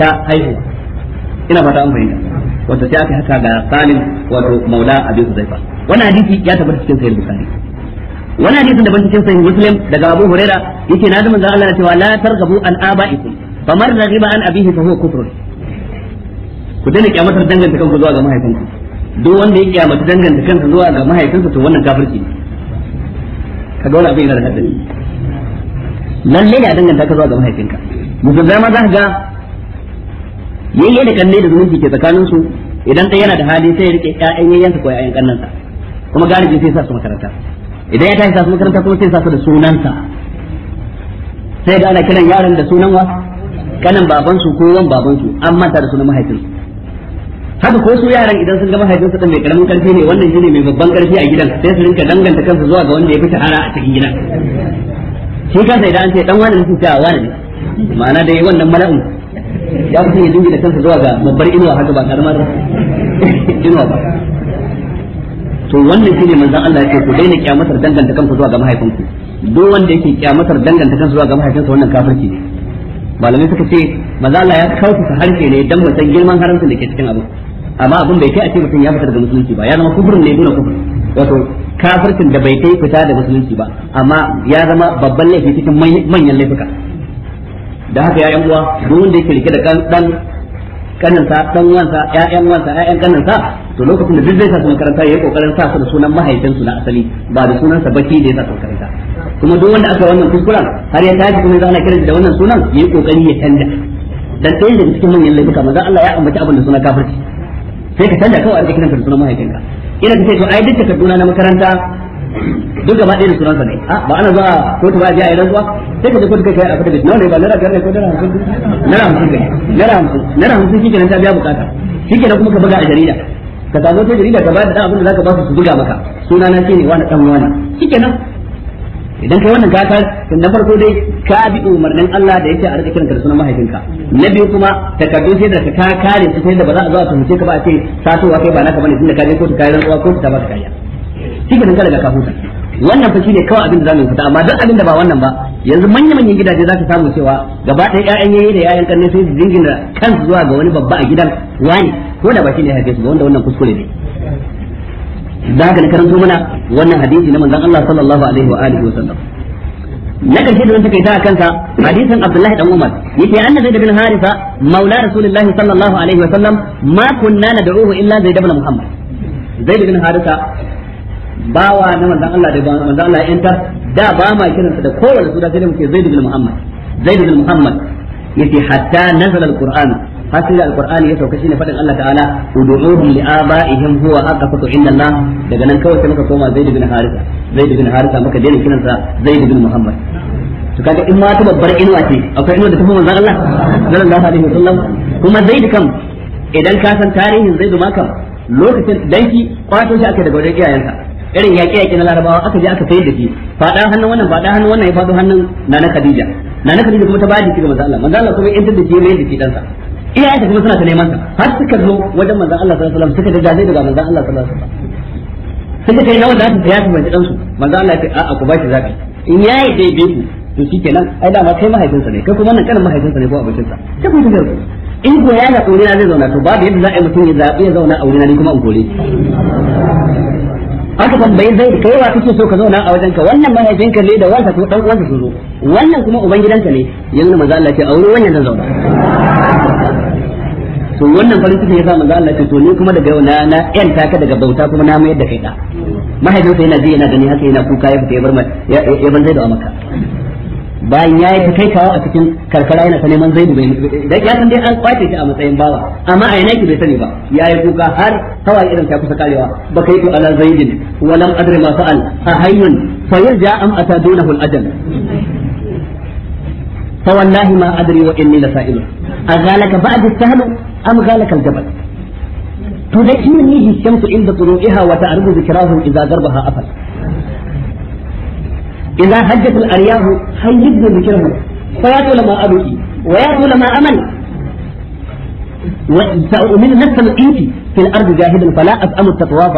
ta haihuwa ina fata an fahimta wato sai aka haka ga salim wato maula abi huzaifa wannan hadisi ya tabbata cikin sahih bukhari wannan hadisin da ban cikin sahih muslim daga abu huraira yake na manzo Allah cewa la targabu an abaikum famar raghiba an abihi fa huwa kufrun ku dana kyamatar danganta kanku zuwa ga mahaifinku duk wanda ya kyamata danganta kanka zuwa ga mahaifinsa to wannan kafirci ne ga wani abin yana da hadari lalle ne a danganta ka zuwa ga mahaifinka musulmai ma za ka ga yayi da kanne da zumunci ke tsakanin su idan ɗaya yana da hali sai ya rike ƴaƴan sa ko ƴaƴan sa kuma galibi sai sa su makaranta idan ya tashi sa su makaranta kuma sai sa su da sunan sa sai ga ana kiran yaran da sunan wa kanan baban su ko wan baban su an manta da sunan mahaifin haka ko su yaran idan sun ga mahaifin su dan mai karamin karfi ne wannan shine mai babban karfi a gidan sai su rinka danganta kansu zuwa ga wanda ya fi shahara a cikin gidan shi kansa idan an ce dan wani mutum ta wani ma'ana dai wannan mala'un ya fi ya da kansa zuwa ga babbar inuwa haka ba mara inuwa ba to wannan shine manzon Allah ya ce ku daina kyamatar danganta kanku zuwa ga mahaifinku duk wanda yake kyamatar danganta kansa zuwa ga mahaifinsa wannan kafirci ne malamai suka ce manzon Allah ya kauce harshe ne dan mutan girman haramcin da ke cikin abu amma abin bai kai a ce mutum ya fitar da musulunci ba ya zama kufurin ne nuna kufur wato kafircin da bai kai fita da musulunci ba amma ya zama babban laifi cikin manyan laifuka da haka ya uwa duk wanda yake rike da dan kaninsa dan wansa ƴaƴan wansa ƴaƴan kaninsa to lokacin da duk zai sa su makaranta yayi kokarin sa su da sunan mahaifinsu na asali ba da sunan sa baki da ya sa su makaranta kuma duk wanda aka wannan kuskuren har ya tashi kuma zai ana kiran da wannan sunan yayi kokari ya canja dan ɗaya daga cikin manyan laifuka manzo Allah ya ambaci abin da sunan kafirci sai ka canja kawai a cikin da sunan mahaifinka ina sai to ai duk kaduna na makaranta duk gaba ɗaya da sunansa ne a ah, ba ana zuwa kotu ba a jiya idan zuwa sai ka je kotu kai kai a fita da nawa ne ba naira biyar ne ko naira hamsin naira hamsin kai naira hamsin naira hamsin shi kenan ta biya bukata shi kenan kuma ka buga a jarida ka samu ta jarida ka bayar da abin da zaka ba su su buga maka suna na ne wani dan wani shi kenan idan kai wannan gata na farko dai ka bi umarnin Allah da yake a rika kiranka da sunan mahaifinka na biyu kuma takardu sai da ka kare su sai da ba za a zo a tumce ka ba a ce satowa kai ba naka bane tunda ka je kotu kai rantsuwa kotu ta ba ta kariya shi ka daga ka huta wannan fa shine kawai abin da zamu fita amma duk abin da ba wannan ba yanzu manya manyan gidaje za su samu cewa gaba ɗaya ƴaƴan yayi da ƴaƴan kanne sai dingina kansu zuwa ga wani babba a gidan wani ko da ba shine haife su ba wanda wannan kuskure ne da haka na karanto mana wannan hadisi na manzon Allah sallallahu alaihi wa alihi wa sallam na karshe da wanda kai ta kansa hadisin Abdullah dan Umar yake anna Zaid bin Haritha maula Rasulullahi sallallahu alaihi wa sallam ma kunna nad'uhu illa Zaid bin Muhammad Zaid bin Haritha bawa na manzon Allah da manzon Allah ya yanta da ba ma sa da kowane suna sai da muke Zaid bin Muhammad Zaid bin Muhammad yace hatta nazala al-Qur'an hasila al-Qur'an ya sauka shine fadin Allah ta'ala ud'uhum li abaihim huwa aqsatu inda Allah daga nan kawai sai muka koma Zaid bin Haritha Zaid bin Haritha muka daina sa Zaid bin Muhammad to kaga in ma ta babbar inuwa ce akwai inuwa da ta fi manzon Allah sallallahu alaihi wasallam kuma Zaid kam idan ka san tarihin Zaid ma kam lokacin danki kwato shi ake daga wajen iyayensa irin yaƙi yaƙi na larabawa aka je aka sayar da shi faɗa hannun wannan faɗa hannun wannan ya faɗo hannun nana Khadija nana Khadija kuma ta bayar da shi ga manzo Allah manzo Allah kuma ya da shi ya da shi dan sa iya ta kuma suna ta neman sa har suka zo wajen manzo Allah sallallahu alaihi wasallam suka da zai daga manzo Allah sallallahu alaihi wasallam suka kai nawa za ta yafi ta manzo dan su manzo Allah ya ce a'a ku ba shi zabi in yayi dai ku to shikenan ai ma kai mahaifinsa ne kai kuma wannan kanin mahaifinsa ne ko abokinsa ta ku ta in ko ya na aure na zai zauna to babu yadda za a yi mutum ya zaɓi ya zauna aure na ni kuma in gore aka tambayi zai kai wa kake so ka zauna a wajenka wannan ka ne da wanda ko dan uwansa zo wannan kuma uban ne yanzu manzo Allah ce aure wannan zan zauna to wannan farin ciki yasa manzo Allah ce to ni kuma daga yau na na yan taka daga bauta kuma na mayar da kai da mahaifinsa yana ji yana gani haka yana kuka ya fita ya bar ya bar zai da maka bayan ya yi ta kai kawo a cikin karkara yana ta neman zaidu bai da ya san dai an kwace shi a matsayin bawa amma a yanaki bai sani ba ya yi kuka har hawa irin ta kusa karewa ba kai to ala zaidin walam adri ma fa'al a hayyun fa yarja am atadunahu al ajal fa wallahi ma adri wa inni la sa'il aghalaka ba'd as-sahl am ghalaka al-jabal tudakkiruhu shamsu inda turu'iha wa ta'rudu dhikrahu idha garbaha afal إذا هجت الأرياح هيجوا ذكرهم فيا لما أبكي ويا لما أمل ومن نفس الإنس في الأرض جاهدا فلا أفهم التطواف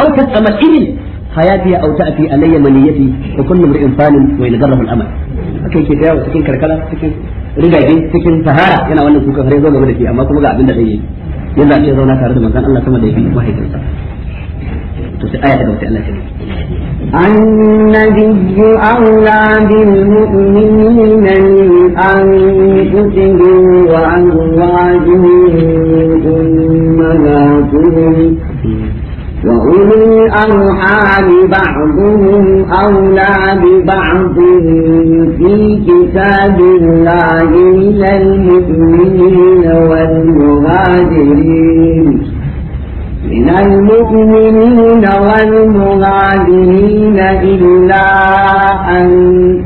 أو تفهم الإبل حياتي أو تأتي علي منيتي وكل امرئ فان وإن جره الأمل akan ke dawo cikin karkara cikin rigage cikin sahara yana wannan kuka har zo game da shi amma kuma da yi yanzu a ce zauna tare da manzon Allah sama da yafi mahaifinsa to sai aya daga wata Allah ta النبي أولى بالمؤمنين من أنفسهم وأزواجهم أمهاتهم وأولي الأرحام بعضهم أولى ببعض في كتاب الله إلى المؤمنين والمهاجرين من المؤمنين والمهاجرين إلا أن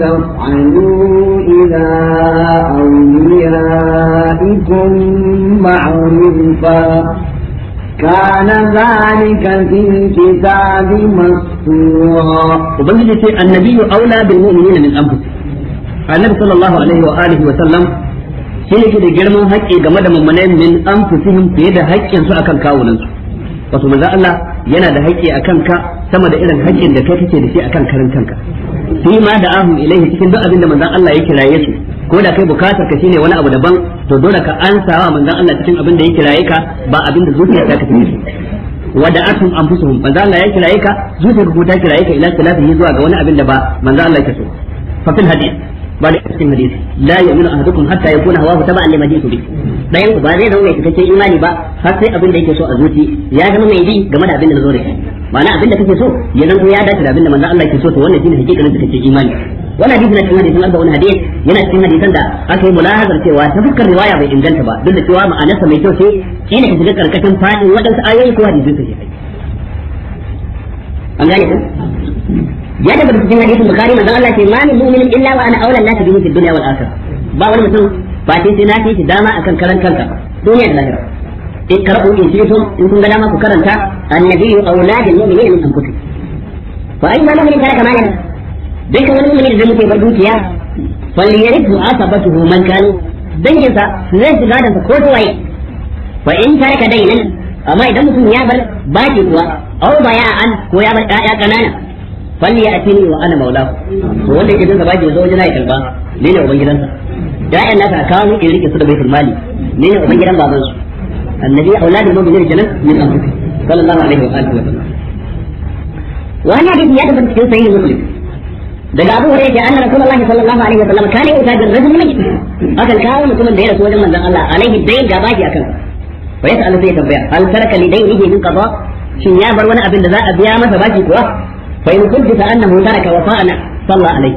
تفعلوا إلى أوليائكم معروفا كان ذلك في الكتاب مسطورا وبنجد النبي أولى بالمؤمنين من أنفسهم النبي صلى الله عليه وآله وسلم shi yake da girman haƙƙi game da mummunai min anfusihim fiye da haƙƙin su akan kawunan su wato manzo Allah yana da haƙƙi a ka sama da irin haƙƙin da kai kake da shi akan karin kanka fi ma da ahum ilaihi cikin duk abin da manzo Allah ya kiraye su ko da kai bukatar ka shine wani abu daban to dole ka ansa wa manzo Allah cikin abin da ya kiraye ka ba abin da zuciya ta kace wa da atum anfusuhum manzo Allah ya kiraye ka zuciya ka ta kiraye ka ila salati zuwa ga wani abin da ba manzo Allah ya so fa fil hadith balik cikin hadisi la yu'minu ahadukum hatta yakuna hawahu taba'an lima jitu bi dayan ba zai zama mai cikakken imani ba har sai abin da yake so a zuci ya zama mai bi game da abin da zo da shi ma'ana abin da kake so ya zanto ya dace da abin da manzon Allah yake so to wannan shine hakikanin cikakken imani wannan hadisi na cikin hadisin arba'un hadis yana cikin hadisan da aka yi mulahazar cewa ta fuskar riwaya bai inganta ba duk da cewa ma'anarsa mai kyau ce shine ka shiga karkashin fadin waɗansu ayoyi ko hadisi su ke an gane ku ya daga cikin hadisin bukari manzon Allah ce mani mu'minin illa wa ana aula laka bihi fid dunya wal akhirah ba wani mutum ba sai sai na ce shi dama akan karan kanka duniya da lahira in karabu in ji to in kun ga dama ku karanta annabiyyu auladul mu'minina min anfusihim fa ay ma mu'min kana kamana dukkan wani mu'mini da muke bar dukiya yaridu asabatu man kanu danginsa zai shiga da ko to waye fa in taraka dainan amma idan mutum ya bar baki kuwa aw baya an ko ya bar ya kanana falli ya atini wa ana maula to wanda yake dinka baki zo wajena kalba ne ne uban gidansa da'yan nasa kawo mu in rike su da baitul mali ne ne uban gidan baban su annabi auladul mu'minin kenan min amri sallallahu alaihi wa alihi wa sallam Wani ana da ya tabbata cikin sahihi muslim daga abu hurairah anna rasulullahi sallallahu alaihi wa sallam kana yuta da rajul mai akan kawo mutumin da ya rasu wajen manzon Allah alaihi dayn ga baki akan wa yasa Allah tabbaya al taraka li daynihi min qada shin ya bar wani abin da za a biya masa baki kuwa fa in kunti ta annahu taraka wafa'ana salla alai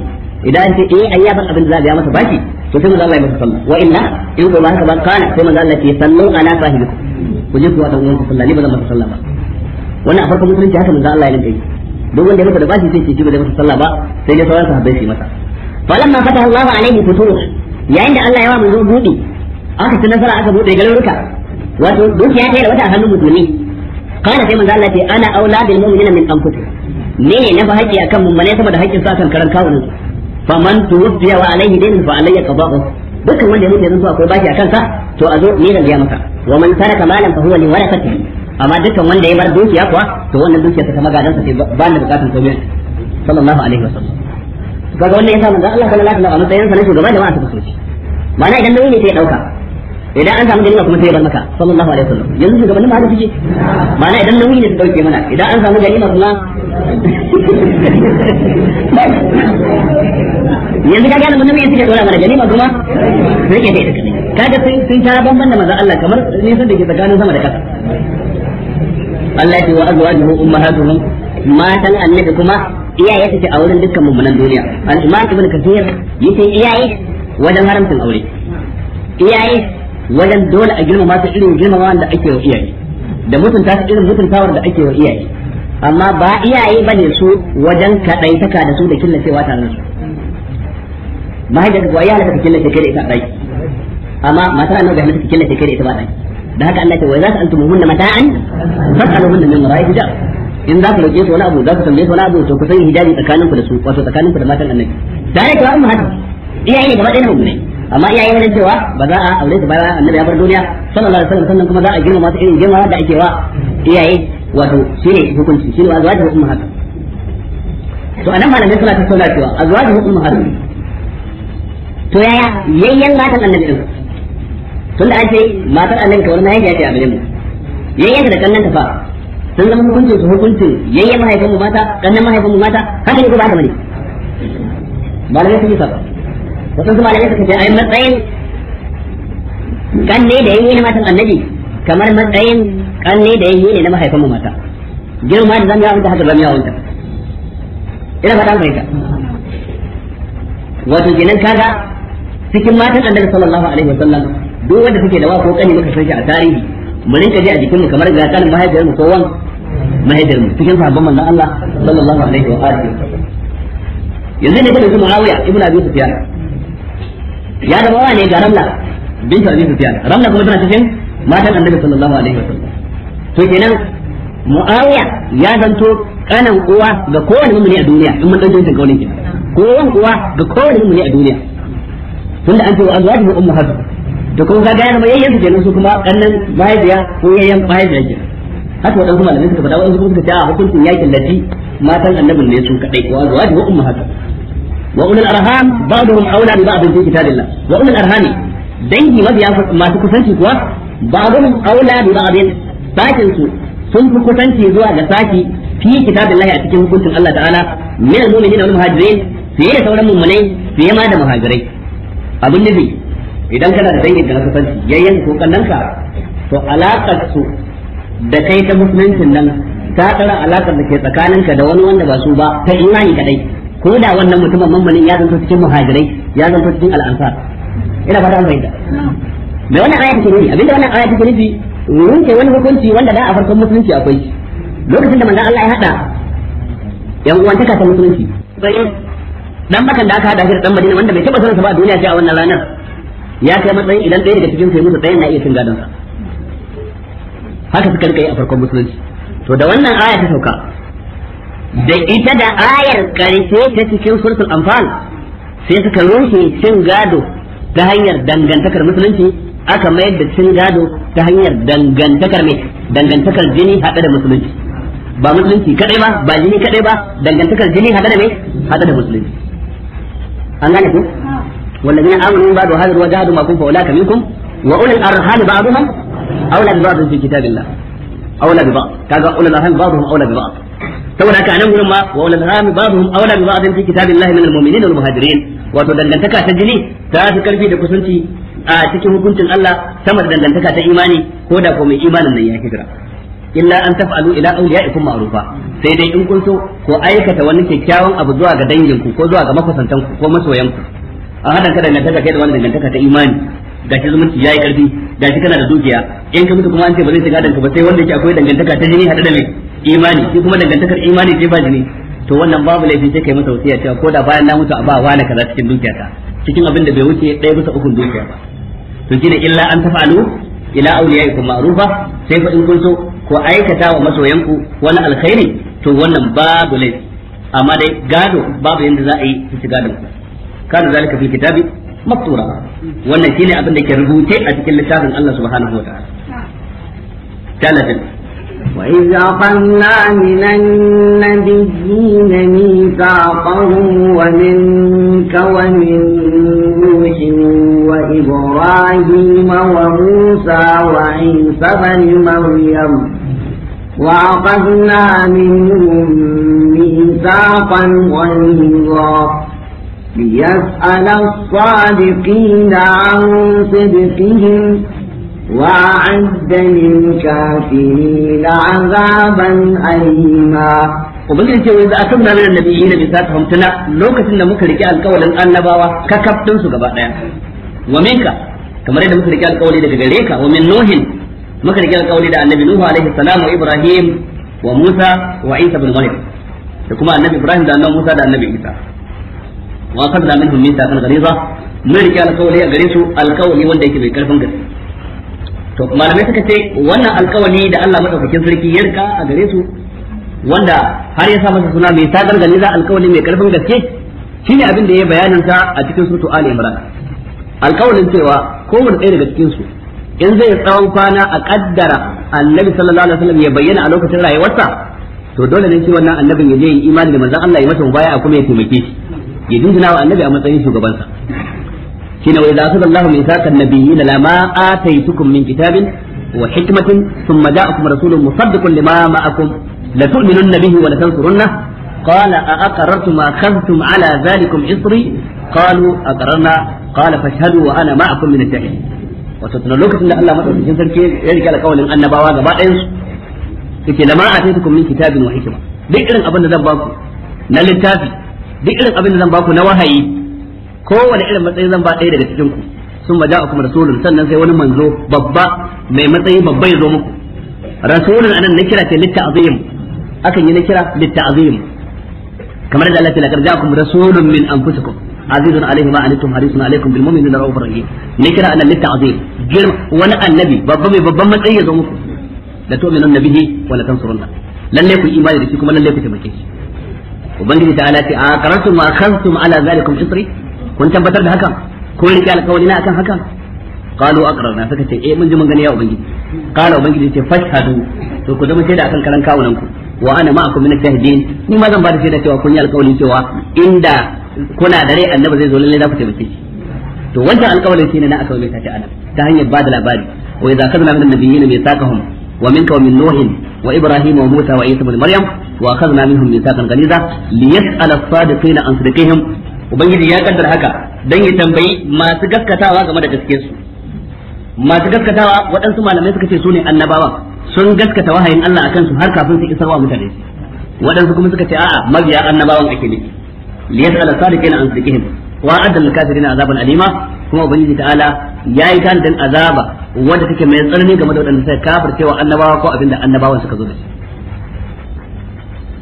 idan an ce eh ayyaban abin zabi ya masa bashi to sai manzo Allah ya masa sallah wa illa in ba haka ba kana sai manzo Allah ke sallu ala sahibikum ku je ku wa dan uwanku ba zan masa sallah wannan a farkon musulunci haka manzo Allah ya rinka yi duk wanda ya masa da bashi ce shi ba zai masa sallah sai dai sauran sahabbai su yi masa falamma fataha Allahu alaihi futuh yayin da Allah ya wa manzo budi aka ci nasara aka bude garuruka wato dukiya ta yi wata hannun mutune kana sai manzo Allah ce ana aula bil ne na fa haƙƙi akan mummune sama da haƙƙin sa kan karan fa man tuwfiya wa alaihi dayn fa alayya qada'u dukkan wanda ya mutu yanzu akwai baki akan sa to a zo ni zan biya maka wa man taraka malan fa huwa li warasatihi amma dukkan wanda ya bar dukiya kuwa to wannan dukiya ta kama gadan sa ce ba ni bukatun komai sallallahu alaihi wasallam kaga wannan yasa manzo Allah sallallahu alaihi wasallam a matsayin sa na shugaba da ma'a ta kusurci ma'ana idan nauyi ne sai ya dauka idan an samu ganima kuma sai ya bar maka sallallahu alaihi wasallam yanzu shugabannin ma kike ba na idan nauyi ne su dauke mana idan an samu ganima kuma *laughs* yanzu ka gane mutum ya suke dora mana ganima kuma sai ke sai kaga sun sun ta banban da manzon Allah kamar san da ke tsakanin sama da kasa Allah ya ce wa azwajuhu ummahatuhum matan annabi kuma iyaye take a wurin dukkan mummunan duniya al-imam ibn kathir yace iyaye wajen haramcin aure iyaye wajen dole a girmama ta irin girma da ake wa iyaye da mutunta su irin mutuntawar da ake wa iyaye amma ba iyaye bane su wajen kaɗaitaka da su da killacewa tare da su da kuwa ya halatta killace kai da ita a ɗaki amma matar annabi bai halatta killace kai da ita ba ɗaki da haka Allah ya ce wa za su antumu hunna mata'an fasalu hunna min mara'i hijab in za ka roƙe su wani abu za ka tambaye su wani abu to ku san hijabi tsakaninku da su wato tsakaninku da matan annabi da ya kawo mu haka iyaye ne gaba ɗaya na ne amma iyaye wajen cewa ba za a aure su bayan annabi ya bar duniya sallallahu alaihi wasallam sannan kuma za a girmama su irin girma da ake wa iyaye wato shine hukunci shine azwajuhum ummahatuhum to anan malamai suna tattauna cewa azwajuhum ummahatuhum to yaya yayyan matan annabi din tun da an ce matar annabi kamar ya ce a bilin mu yayyan da kannan ta fa sun zama hukuncin su hukuncin yayyan mahaifin mu mata kannan mahaifin mu mata haka ne ko ba ta bane malamai sun yi sabon wasu malamai suka ce ai matsayin kanne da yayi na matan annabi kamar matsayin kanne da yayi ne na mahaifan mu mata girma da zamiya wanda haka zamiya wanda ina faɗa mai ka wato kenan kaga cikin matan annabi sallallahu alaihi wasallam duk wanda suke da wa ko kani muka san shi a tarihi mu rinka ji a jikin mu kamar ga kanin mahaifiyar mu ko wan mahaifiyar mu cikin sahabban manzon Allah sallallahu alaihi wa alihi yanzu ne kada su Muawiya ibnu Abi Sufyan ya da bawa ne ga ramla bintu abi sufiya ramla kuma tana cikin matan annabi sallallahu alaihi wasallam to kenan muawiya ya zanto kanan uwa ga kowane mummuni a duniya in mun dauke shi kaunin ki kowane uwa ga kowane mummuni a duniya tunda an ce wa azwajuhu ummahatu da kuma ga gane mai yayyansu kenan su kuma kannan mahaifiya ko yayyan mahaifiya ke haka wadansu malamai suka faɗa wadansu kuma suka ce a hukuncin yakin lati matan annabin ne su kadai wa azwajuhu ummahatu وأولي الأرهام بعضهم أولى ببعض في كتاب الله وأولي الأرهام dangi mabiya masu kusanci kuwa ba'dhum aula bi ba'dhin sakin su sun fi kusanci zuwa ga saki fi kitabillahi a cikin hukuncin Allah ta'ala min al-mu'minina wal muhajirin fiye da sauran mummunai fiye ma da muhajirai abin nufi idan kana da dangin da na kusanci yayyan ko ka to alaƙar su da kai ta musuluncin nan ta tsara alaƙar da ke tsakaninka da wani wanda ba su ba ta imani kadai ko da wannan mutumin mamman ya zanto cikin muhajirai ya zanto cikin al'ansar ina fata an fahimta mai wannan aya take nufi abinda wannan aya take nufi wurin ke wani hukunci wanda da a farkon musulunci akwai lokacin da manzon Allah ya hada yan uwan taka ta musulunci dan makan da aka hada shi da dan Madina wanda bai taba sanin sa ba duniya ce a wannan ranar ya kai matsayin idan ɗaya daga cikin sai musu ɗayan na iya cin gadon sa haka suka rika yi a farkon musulunci to da wannan aya ta sauka da ita da ayar karshe ta cikin suratul anfal sai suka rushe cin gado ta hanyar dangantakar musulunci aka mayar da cin gado ta hanyar dangantakar mai dangantakar jini hada da musulunci ba musulunci kadai ba ba jini kadai ba dangantakar jini hada da mai hada da musulunci an gane ku ba والذين امنوا بعد وهاجروا وجاهدوا معكم ba منكم واولي الارحام بعضهم اولى ببعض في كتاب الله a ببعض كذا اولي الارحام Aula bi ba. saboda haka anan gurin ma wa ulal rahmi ba'dhum awla bi ba'dhin fi kitabillahi min almu'minin wal muhajirin wato dangantaka ta jini ta fi karfi da kusanci a cikin hukuncin Allah sama da dangantaka ta imani ko da ko mai imanin nan ya hijira illa an taf'alu ila awliyaikum ma'rufa sai dai in kun so ko aikata wani kyakkyawan abu zuwa ga danginku ko zuwa ga makusantanku ko masoyanku a hadan ka dangantaka kai da wani dangantaka ta imani ga shi zumunci yayi karfi ga kana da dukiya in ka mutu kuma an ce ba zai shiga danka ba sai wanda yake akwai dangantaka ta jini hada da mai imani shi kuma dangantakar imani ce ba jini to wannan babu laifi sai kai masa wasiya cewa ko da bayan na mutu a ba wani kaza cikin dukiyata cikin abin da bai wuce ɗaya bisa ukun dukiya ba to shine illa an tafa'alu ila awliyaikum ma'rufa sai fa in kun so ko aikata wa masoyanku wani alkhairi to wannan babu laifi amma dai gado babu yanda za a yi su ci gadon ku kana zalika fil kitabi maktura wannan shine abin da ke rubuce a cikin littafin Allah subhanahu wa ta'ala وإذ أخذنا من النبيين ميثاقهم ومنك ومن نوح وإبراهيم وموسى وعيسى بن مريم وأخذنا منهم ميثاقا غليظا ليسأل الصادقين عن صدقهم وأعد للكافرين عذابا أليما ubangiji ce wai za a kamna min annabiyyin bi ta hamtuna lokacin da muka rike alƙawarin annabawa ka kaftin su gaba daya wa minka kamar yadda muka rike alƙawari daga gare ka wa min nuhin muka rike alƙawari da annabi nuhu alaihi salam wa ibrahim wa musa wa isa bin maryam da kuma annabi ibrahim da annabi musa da annabi isa wa qadna minhum mithaqan ghaliza mun rike alƙawari a gare su alƙawari wanda yake bai karfin gaske to malamai suka ce wannan alkawari da Allah madaukakin sarki ya rika a gare su wanda har ya sa masa suna mai sadar gani za alkawari mai karfin gaske shine abin da ya bayanin sa a cikin suratu Ali Imran alkawarin cewa kowanne ɗaya daga cikin su in zai tsawon kwana a kaddara annabi sallallahu alaihi wasallam ya bayyana a lokacin rayuwarsa to dole ne shi wannan annabin ya je imani da manzon Allah ya masa a kuma ya taimake shi ya dinga nawa annabi a matsayin shugabansa shine wa idza akhadha Allahu mithaqan nabiyyin lama ataytukum min kitabin wa hikmatin thumma ja'akum rasulun musaddiqun lima ma'akum la tu'minunna bihi wa la tansurunna qala a aqarrartum akhadhtum ala dhalikum isri qalu aqarrarna qala fashhadu wa ana ma'akum min ash-shahidin wato tunan lokacin da Allah madaukakin sarki ya rike alƙawarin annabawa gaba ɗayan su yake lama ataytukum kitabin wa irin na littafi irin zan baku na wahayi kowane irin matsayi zan ba ɗaya daga cikin ku sun ba ja'akum rasulun sannan sai wani manzo babba mai matsayi babba ya zo muku rasulun anan na kira ce litta'zim akan yi na kira litta'zim kamar da Allah ya lakar ja'akum rasulun min anfusikum azizun alaihi ma antum harisun alaikum bil mu'minina ra'ufur rahim ne kira anan litta'zim girma wani annabi babba mai babban matsayi ya zo muku la tu'minun bihi wa la tansurunna lalle ku imani da shi kuma lalle ku taimake shi ubangiji ta'ala ce a karantum ma khantum ala zalikum isri kun tabbatar da hakan ko rike alƙawari na akan hakan qalu aqrarna suka ce eh mun ji mun gani ya ubangiji qala ubangiji ce fashhadu to ku zama shaida akan karan kawunan ku wa ana ma'akum min shahidin ni ma zan ba da shaida cewa kun yi alƙawari cewa inda kuna da rai annabi zai zo lalle za ku taimake shi to wancan alƙawarin shine na aka mai ta ta'ala ta hanyar ba da labari wa idza kadna min annabiyyin mithaqahum wa minka wa min nuhin wa ibrahim wa musa wa isa ibn maryam wa akhadna minhum mithaqan ghaliza liyas'ala as-sadiqina an sidqihim ubangiji ya kaddara haka dan ya tambayi masu gaskatawa game da gaskiyar su masu gaskatawa waɗansu malamai suka ce su ne annabawa sun gaskata wahayin Allah akan su har kafin su isarwa mutane waɗansu kuma suka ce a'a mabiya annabawan ake ne liyasala sadiqina an sidqihim wa adda al kafirin azaban alima kuma ubangiji ta'ala ya yayi dan azaba wanda take mai tsanani game da waɗanda suka kafircewa annabawa ko abinda annabawan suka zo da shi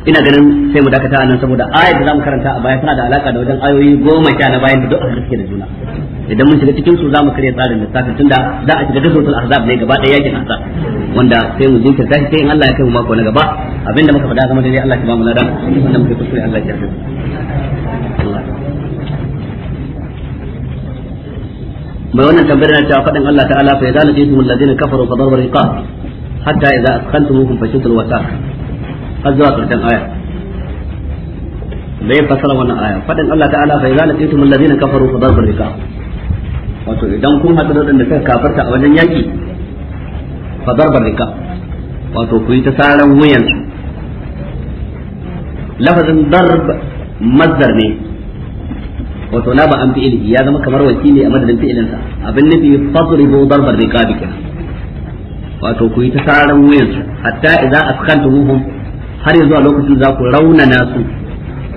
ina ganin sai mu dakata nan saboda ayat da zamu karanta a baya tana da alaka da wajen ayoyi goma sha na bayan da duk aka suke da juna idan mun shiga cikin su zamu karya tsarin lissafi tunda za a shiga gazotul ahzab ne gaba daya yakin ahzab wanda sai mu dinka tashi sai in Allah ya kai mu mako na gaba abinda muka faɗa game da ni Allah ya ba mu ladan wanda muka kuskure Allah ya yarda mai wannan tambayar na cewa faɗin Allah ta'ala fa yadalatu ladina kafaru fa darbar riqab hatta idza asqantumuhum fashutul wasaq har zuwa karshen aya zai fasara wannan aya fadin Allah ta'ala fa idza laqitum alladhina kafaru fa darbu rika wato idan kun haɗu da da suka kafarta a wajen yaki fa darbu rika wato ku yi ta saran wuyan lafazin darb mazdar ne wato na ba an fi ilmi ya zama kamar wakili a madadin fi'ilinsa abin nufi fadribu darbar rikabi kenan wato ku yi ta saran wuyan hatta idza askantuhum har yanzu a lokacin za ku raunana su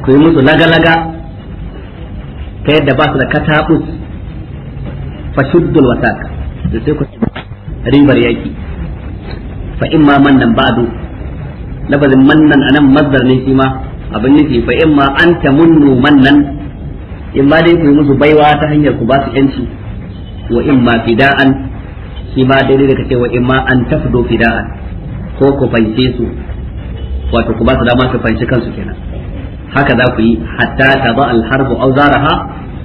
ku yi musu laga-laga ta yadda ba su da katabus fashuddul wasaq da sai ku ribar yaki fa imma mannan ba'du labazin mannan anan mazdar ne shi ma abin nufi fa imma an tamunnu mannan in ba dai ku yi musu baiwa ta hanyar ku ba su yanci wa imma fida'an shi ma daidai da kace wa imma an tafdo fida'an ko ku fanke su wato ku ba su dama su fanci kansu kenan haka za ku yi hatta ta ba alharbu au zaraha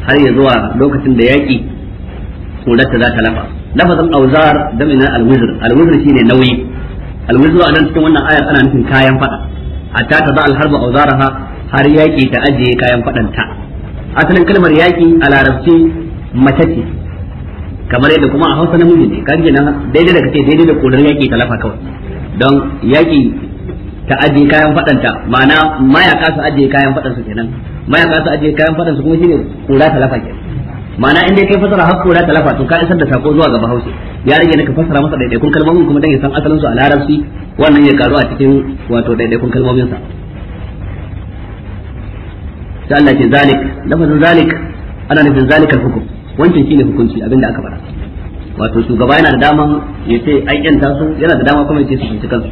har ya zuwa lokacin da yaƙi kurarta za ta lafa lafazin auzar damina alwizr shi ne nauyi a nan cikin wannan ayar ana nufin kayan faɗa hatta ta ba alharbu auzaraha har yaƙi ta ajiye kayan fadanta asalin kalmar yaƙi a larabci mace ce kamar yadda kuma a hausa namiji ne kan nan daidai da kace daidai da korar yaƙi ta lafa kawai don yaƙi ta ajiye kayan fadanta ma'ana mayaka su ajiye kayan fadansu kenan mayaka su ajiye kayan fadansu kuma shine kura ta lafa kenan ma'ana inda kai fasara har kura ta lafa to ka isar da sako zuwa ga Bahaushe ya rage ne ka fasara masa daidaikun kalmomin kuma dan ya san asalin su a Larabci wannan ya karu a cikin wato daidaikun kalmomin sa sai Allah ke zalik lafazin zalik ana nufin zalikal hukum wancan shine hukunci abinda aka fara wato shugaba yana da dama ya ce ai yan tasu yana da dama kuma ya ce su kansu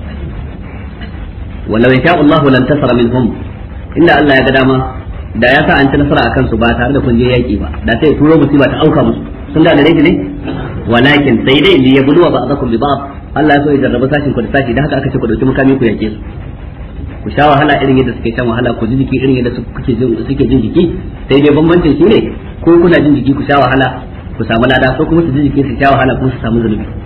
walau yasha Allah lan tasara minhum inda Allah ya ga dama da ya sa an ci nasara akan su ba tare da kun je yaki ba da sai turo musiba ta auka musu sun da gare shi ne walakin sai dai li yabluwa ba'dakum bi ba'd Allah ya so ya jarraba sashin ku da sashi da haka aka ce ku dauki mukami ku yake su ku sha wahala irin yadda suke shan wahala ku ji jiki irin yadda suke jin suke jin jiki sai dai bambancin shi ne ko kuna jin jiki ku sha wahala ku samu lada ko kuma su ji jiki su sha wahala kuma su samu zulubi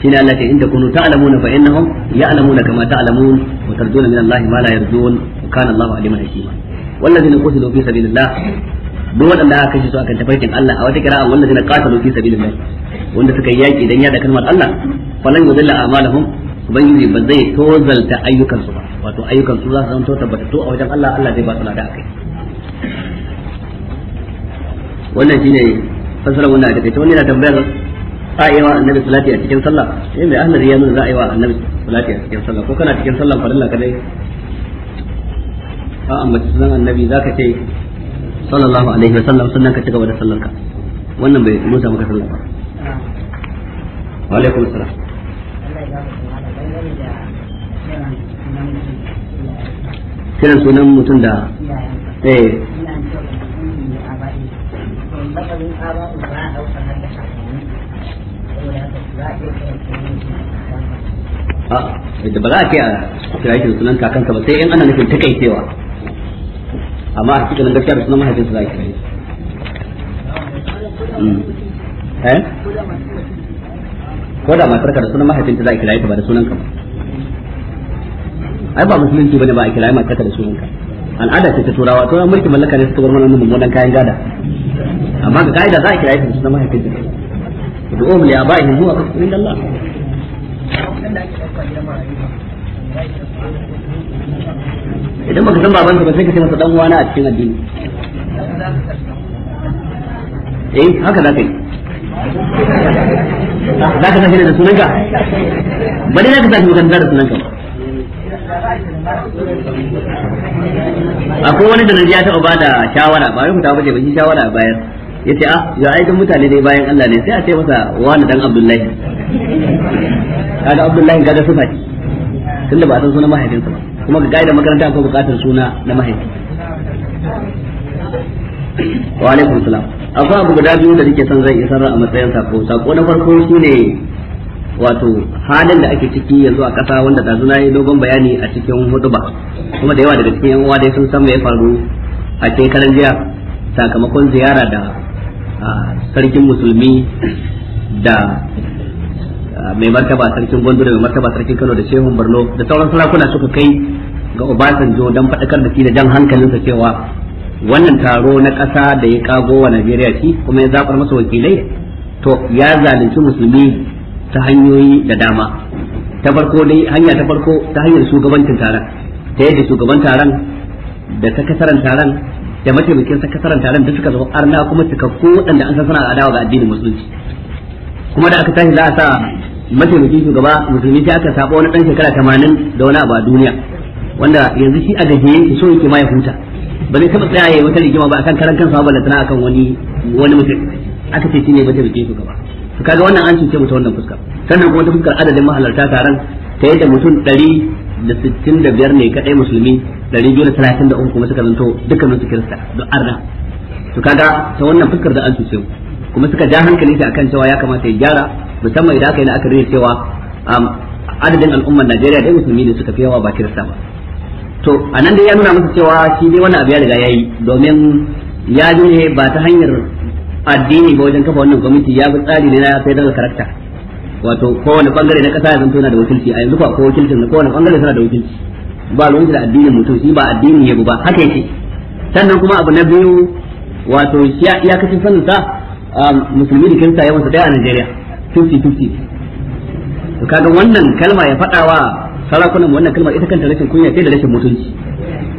shine Allah ke inda kunu ta'lamuna fa innahum ya'lamuna kama ta'lamun wa tarjuna min Allah ma la yarjun wa kana Allahu aliman hakima wallazina qutilu fi sabilillah duk waɗanda aka kashe su akan tafarkin Allah a wata kira'a wallazina qatalu fi sabilillah wanda suka yaki dan yada kalmar Allah falan yudilla a'malahum ubangiji ba zai tozalta ayyukan su ba wato ayyukan su za su zanto tabbatattu a wajen Allah Allah zai ba su lada akai wannan shine fasara wannan da kai to wannan na tambayar a yi wa annabi salati a cikin sallah sai eh, mai ahmad ya nuna za a yi wa annabi salati a cikin sallah ko kana cikin sallah farilla kadai ka ambaci sunan annabi za ka ce sallallahu alaihi wa sallam sannan ka ci gaba da sallarka wannan bai musa maka sallah ba wa alaikum assalam kiran sunan mutum da eh Ah, da ba za a ce a kira shi da sunan kakansa ba sai in ana nufin cewa amma a cikin gaskiya da sunan su za a kira shi hmm. eh? ko da matar ka da sunan mahaifinta za a kira ta ba da sunan ka ba ai ba musulunci bane ba a kira matar ka da sunan ka al'ada ce ta turawa to mulki mallaka ne suka bar mana mummunan kayan gada amma ga kaida za a kira ta da sunan mahaifinta du'um li abaihim huwa kufrun inda Allah idan baka san babanka ba sai ka uwana a cikin addini eh haka za ka yi za ka sashi da sunanka ba dai za ka sashi makaranta da sunanka akwai wani da ya taɓa shawara ba wai fita ba ce ba shawara bayar ya ce ah ya aikin mutane ne bayan Allah ne sai a ce masa wani dan Abdullahi kaga Abdullahi kaga sifa ce tunda ba a san sunan mahaifinsa ba kuma ga gaida makaranta akwai bukatar suna na mahaifi wa alaikum salam akwai abu guda biyu da nake son zai isar a matsayin sako sako na farko shine wato halin da ake ciki yanzu a ƙasa wanda da zuna yi dogon bayani a cikin hutuba kuma da yawa daga cikin yan uwa dai sun san me ya faru a cikin karan jiya sakamakon ziyara da sarkin musulmi da mai martaba sarkin gondo da mai martaba sarkin kano da shehun barno da sauran sarakuna suka kai ga obasanjo don faɗakar da shi da jan hankalinsa cewa wannan taro na ƙasa da ya kago wa najeriya shi kuma ya zaɓar masa wakilai to ya zalunci musulmi ta hanyoyi da dama ta farko dai hanya ta farko ta hanyar shugabancin taron ta yadda shugaban taron da ta kasaran taron da mataimakin kasaran taron da suka zo arna kuma cikakku waɗanda an san suna adawa ga addinin musulunci kuma da aka tashi za a sa mataimakin shugaba musulmi sai aka saba wani dan shekara tamanin da wani abu a duniya wanda yanzu shi a gaje yake so yake ma ya huta ba zai taɓa tsaya yayi wata rigima ba akan karan kansa ba lantana akan wani wani mutum aka ce shi ne mataimakin shugaba to kaga wannan an cuce mu ta wannan fuskar sannan kuma ta fuskar adadin mahalarta taron ta yadda mutum ɗari da sittin da biyar ne kadai musulmi ɗari biyu da talatin da unku kuma suka zanto dukkanin su kirista da arna to kaga ta wannan fuskar da an su kuma suka ja hankali shi akan cewa ya kamata ya gyara musamman idan aka yi la'akari da cewa adadin al'ummar Najeriya dai musulmi ne suka fi yawa ba kirista ba to anan dai ya nuna masa cewa shi dai wannan abu ya riga yi domin ya ne ba ta hanyar addini ba wajen kafa wannan gwamnati ya bi tsari ne na sai daga karakta. wato kowane bangare na kasa ya zanto yana da wakilci a yanzu ko wakilci wakilcin na kowane bangare suna da wakilci ba ruwan da addinin mutum shi ba addini ya ba haka yake sannan kuma abu na biyu wato shi ya kace sanin sa um, musulmi da kirista yawan sa daya a Najeriya 50-50 to kaga wannan kalma ya fadawa sarakunan wannan kalmar ita kanta rashin kunya sai da rashin mutunci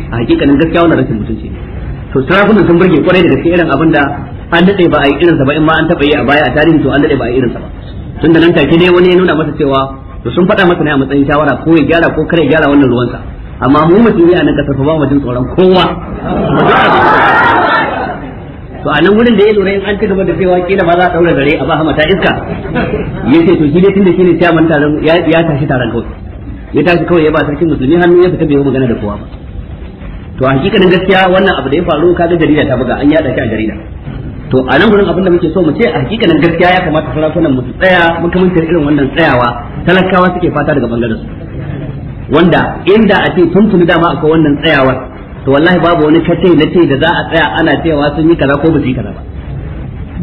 a hakikanin gaskiya wannan rashin mutunci to sarakunan sun burge kwarai da gaske irin abin da an daɗe ba a yi irinsa ba in ma an taɓa yi a baya a tarihi to an daɗe ba a yi irinsa ba tunda nan take dai wani ya nuna masa cewa to sun faɗa masa ne a matsayin shawara ko ya gyara ko kare gyara wannan ruwansa amma mu ne a nan kasar ba mu jin tsoron kowa to a nan wurin da ya lura in an ci da cewa kila ba za a daura dare a ba hama ta iska yace to shi dai tunda shine chairman taron ya ya tashi taron kawai ya tashi kawai ya ba sarkin musulmi hannu ya fita bai magana da kowa ba to a hakikanin gaskiya wannan abu da ya faru kaga jarida ta buga an yada shi a jarida to a nan gurin abin da muke so mu ce a hakikanin gaskiya ya kamata sarakunan mu tsaya makamantar irin wannan tsayawa talakawa suke fata daga bangaren su wanda inda a ce tun tuni dama akwai wannan tsayawar to wallahi babu wani kace na ce da za a tsaya ana cewa sun yi kaza ko ba su yi kaza ba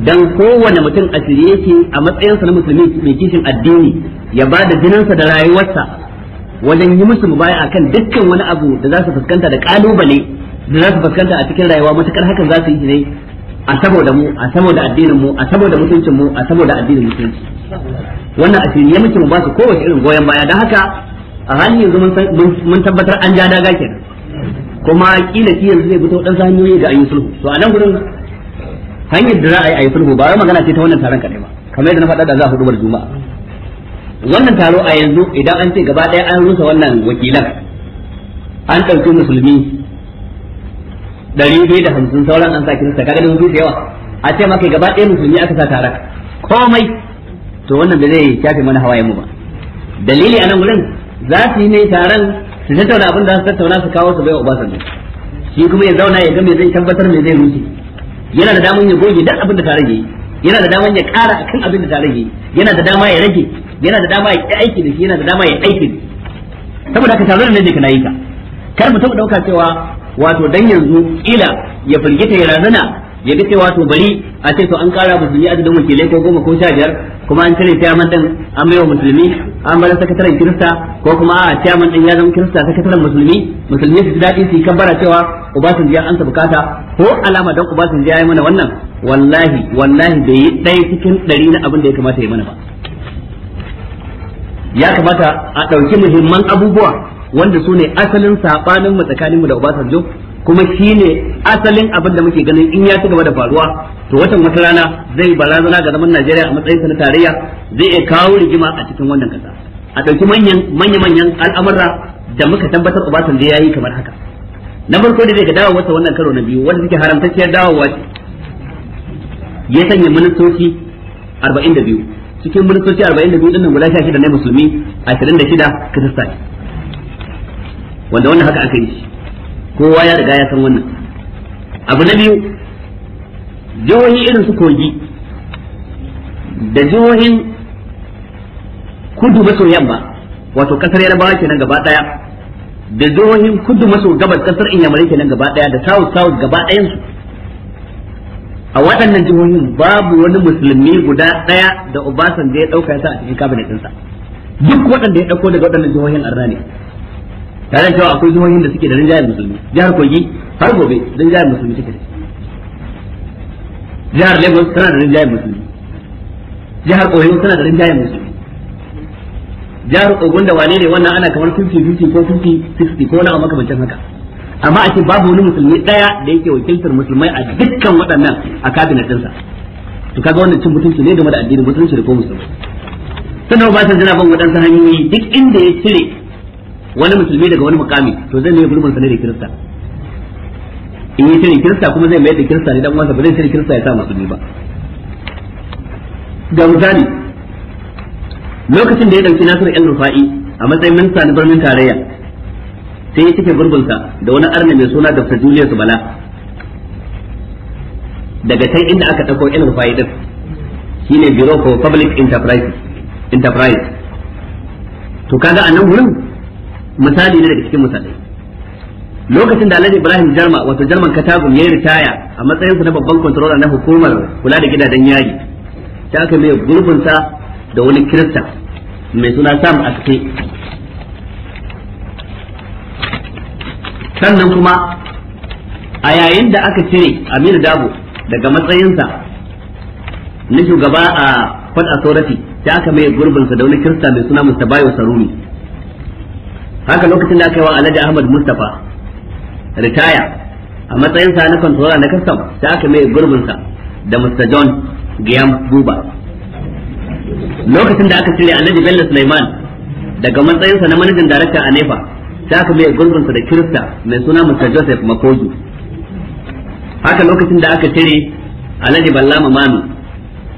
dan kowane mutum a shirye yake a matsayin sa na musulmi mai kishin addini ya ba da jininsa da rayuwarsa wajen yi musu mubaya akan dukkan wani abu da za su fuskanta da kalubale da za su fuskanta a cikin rayuwa matukar hakan za su yi ne a saboda mu a saboda addinin mu a saboda mutuncin mu a saboda addinin mutunci wannan asiri ya muke ba su kowace irin goyon baya don haka a hannun yanzu mun tabbatar an ja daga kenan kuma kila ki yanzu zai fito dan hanyoyi da ayi sulhu to a nan gurin hanyar da za a yi ayi sulhu ba wai magana ce ta wannan taron kadai ba kamar yadda na faɗa da za a bar juma'a wannan taro a yanzu idan an ce gaba ɗaya an rusa wannan wakilan an ɗauki musulmi Dari biyu da hamsin sauran an sa kirista kaga dubu biyu da yawa a ce maka gaba ɗaya musulmi aka sa tare komai to wannan da zai shafe mana hawaye mu ba dalili a nan wurin za su yi ne taron su tattauna abin da za su tattauna su kawo su baiwa Obasanjo shi kuma ya zauna ya ga me zai tabbatar me zai rushe yana da daman ya goge duk abin da taron yayi yana da daman ya ƙara akan abin da taron yayi yana da dama ya rage yana da dama ya aiki da shi yana da dama ya aiki saboda haka da ne da kana yi ka kar mu dauka ɗauka cewa wato dan yanzu ila ya firgita ya razana ya ga cewa bari a ce to an kara musulmi adadin wakilai ko goma ko sha biyar kuma an cire chairman din an wa musulmi an bar sakataren kirista ko kuma a chairman din ya zama kirista sakataren musulmi musulmi su ji daɗi su yi kabbara cewa ubasanji ya ansa bukata ko alama dan ubasanji ya yi mana wannan wallahi wallahi bai yi ɗaya cikin ɗari na abin da ya kamata ya mana ba ya kamata a ɗauki muhimman abubuwa wanda su ne asalin sabanin mu tsakaninmu da Obasanjo kuma shi ne asalin abin da muke ganin in ya ci gaba da faruwa to watan wata rana zai barazana ga zaman Najeriya a matsayin na tarayya zai iya kawo rigima a cikin wannan kasa a ɗauki manyan manya manyan al'amura da muka tabbatar Obasanjo ya yi kamar haka na farko da zai ga dawo wata wannan karo na biyu wanda suke haramtacciyar dawowa ya sanya ministoci 42 cikin ministoci 42 din nan guda 16 ne musulmi 26 kirista wanda wannan haka aka yi shi kowa ya riga ya san wannan abu na biyu jihohi irin su kogi da jihohin kudu maso yamma wato kasar yarbawa kenan gaba daya da jihohin kudu maso gabas kasar inyamurai kenan gaba daya da south south gaba dayan su a waɗannan jihohin babu wani musulmi guda daya da obasan da ya ɗauka ya sa a cikin kabinet ɗinsa duk waɗanda ya ɗauko daga waɗannan jihohin arna ne tare cewa akwai jihohin da suke da rinjayar musulmi jihar kogi har gobe rinjayar musulmi take da jihar lagos tana da rinjayar musulmi jihar oyo tana da rinjayar musulmi jihar ogun da wane ne wannan ana kamar 50-50 ko 50-60 ko na abu makamancin haka amma a ce babu wani musulmi daya da yake wakiltar musulmai a dukkan waɗannan a kabinet ɗinsa to kaga wannan cin mutunci ne game da addinin mutunci da ko musulmi sannan ba ta jira ban waɗansu hanyoyi duk inda ya cire wani musulmi daga wani mukami to zai mai gurbin ne da kirista in yi shirin kirista kuma zai mai da kirista ne dan wasa ba zai shirin kirista ya sa musulmi ba ga misali lokacin da ya dauki nasir ibn Rufai a matsayin minista na birnin tarayya sai ya cike gurbinsa da wani arna mai suna Dr. Julius Bala daga can inda aka dauko ibn Rufai din shine Bureau for Public Enterprise Enterprise to kaga a nan wurin misali ne daga cikin misalai lokacin da Alhaji Ibrahim Jarma wato Jarman Katagum ya ritaya a matsayin sa na babban controller na hukumar kula da gidajen yayi ta aka mai gurbin sa da wani kirista mai suna Sam Aske sannan kuma a yayin da aka cire Aminu Dabo daga matsayinsa na shugaba a faɗa Authority ta aka mai gurbin sa da wani kirista mai suna Mustabayo Saruni haka lokacin da aka yi wa alhaji ahmad mustafa ritaya a matsayin sa na kwantarola na kastam da aka mai gurbin sa da mr john Guillaume buba lokacin da aka cire alhaji bello suleiman daga matsayinsa na manajan darakta a nefa da aka mai gurbin sa da kirista mai suna mr joseph makoju haka lokacin da aka cire alhaji ballama manu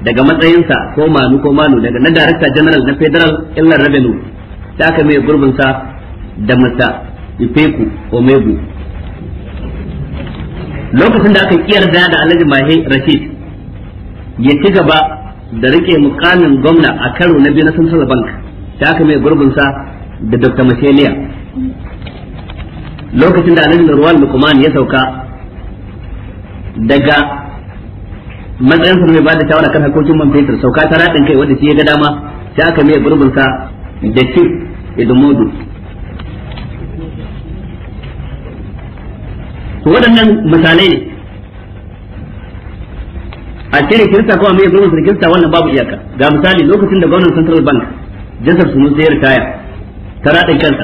daga matsayinsa ko manu ko manu daga na darakta general na federal illar revenue da aka mai gurbin sa da Mr. Ifeku Omegu lokacin da aka yarda da Alhaji Mahi Rashid ya ci gaba da rike mukamin gwamna a karo na biyu na Central Bank ta aka mai gurbinsa da Dr. Masheliya lokacin da Alhaji Ruwan Lukman ya sauka daga matsayin sa mai bada shawara kan harkokin man fetur sauka ta radin kai wanda shi ya ga dama ta aka mai gurbinsa da idan Edmodo to waɗannan misalai ne a cire kirista ko a mai gwamnatin kirista wannan babu iyaka ga misali lokacin da gwamnan central bank jasar su musu ya ritaya ta raɗin kansa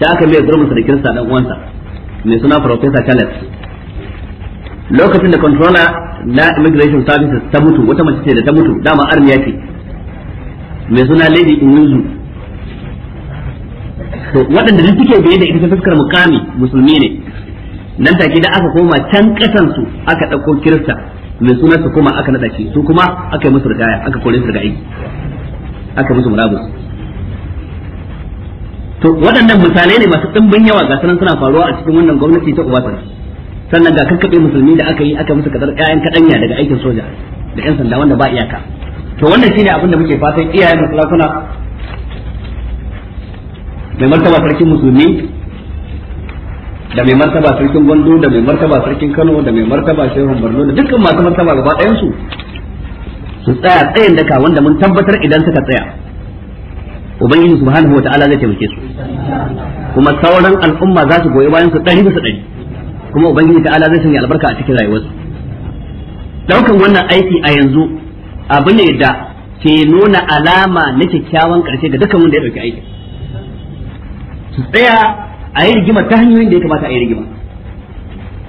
ta aka mai gwamnatin kirista ɗan uwansa mai suna professor Caleb lokacin da controller na immigration services ta mutu wata mace ce da ta mutu dama armiya ce mai suna lady inuzu to waɗanda duk suke biye da ita fuskar mukami musulmi ne nan take da aka koma can kasan su aka ɗauko kirista mai sunan su kuma aka nada shi su kuma aka yi musu rigaya aka kore su rigayi aka musu murabus to waɗannan misalai ne masu ɗimbin yawa ga sanan suna faruwa a cikin wannan gwamnati ta Obasanjo sannan ga kakkaɓe musulmi da aka yi aka musu kadar ƴaƴan kaɗanya daga aikin soja da ƴan sanda wanda ba iyaka to wannan shine abin da muke fatan iyayen mu sarakuna mai martaba sarkin musulmi da mai martaba sarkin gondo da mai martaba sarkin kano da mai martaba shehun borno da dukkan masu martaba gaba ɗayan su su tsaya tsayin daka wanda mun tabbatar idan suka tsaya ubangiji subhanahu wataala zai taimake su kuma sauran al'umma za su goyi bayan su ɗari bisa ɗari kuma ubangiji ta'ala zai sanya albarka a cikin rayuwarsu daukan wannan aiki a yanzu abu ne da ke nuna alama na kyakkyawan ƙarshe ga dukkan wanda ya ɗauki aikin su tsaya a yi rigima ta hanyoyin da ya kamata a yi rigima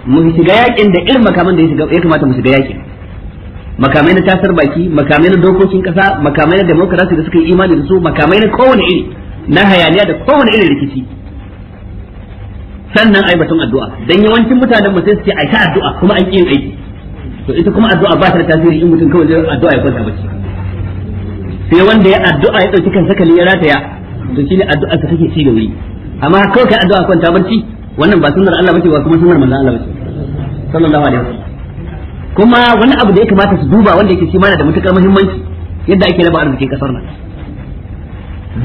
mu shiga yakin da irin makaman da ya kamata mu shiga yakin makamai na tasar baki makamai na dokokin kasa makamai na demokarasi da suka yi imani da su makamai na kowane iri na hayaniya da kowane irin rikici sannan ai batun addu'a dan yawancin mutanen mu sai su ce ai ta addu'a kuma an yin aiki to ita kuma addu'a ba ta da tasiri in mutum kawai addu'a ya kwanta bacci sai wanda ya addu'a ya dauki kan sakali ya rataya to shine addu'a ta take ci da wuri amma kawai kai addu'a kwanta barci wannan ba sunnar Allah bace ba kuma sunnar manzon Allah bace sallallahu alaihi wasallam kuma wani abu da ya kamata su duba wanda yake shi mana da matukar muhimmanci yadda ake raba arziki kasar nan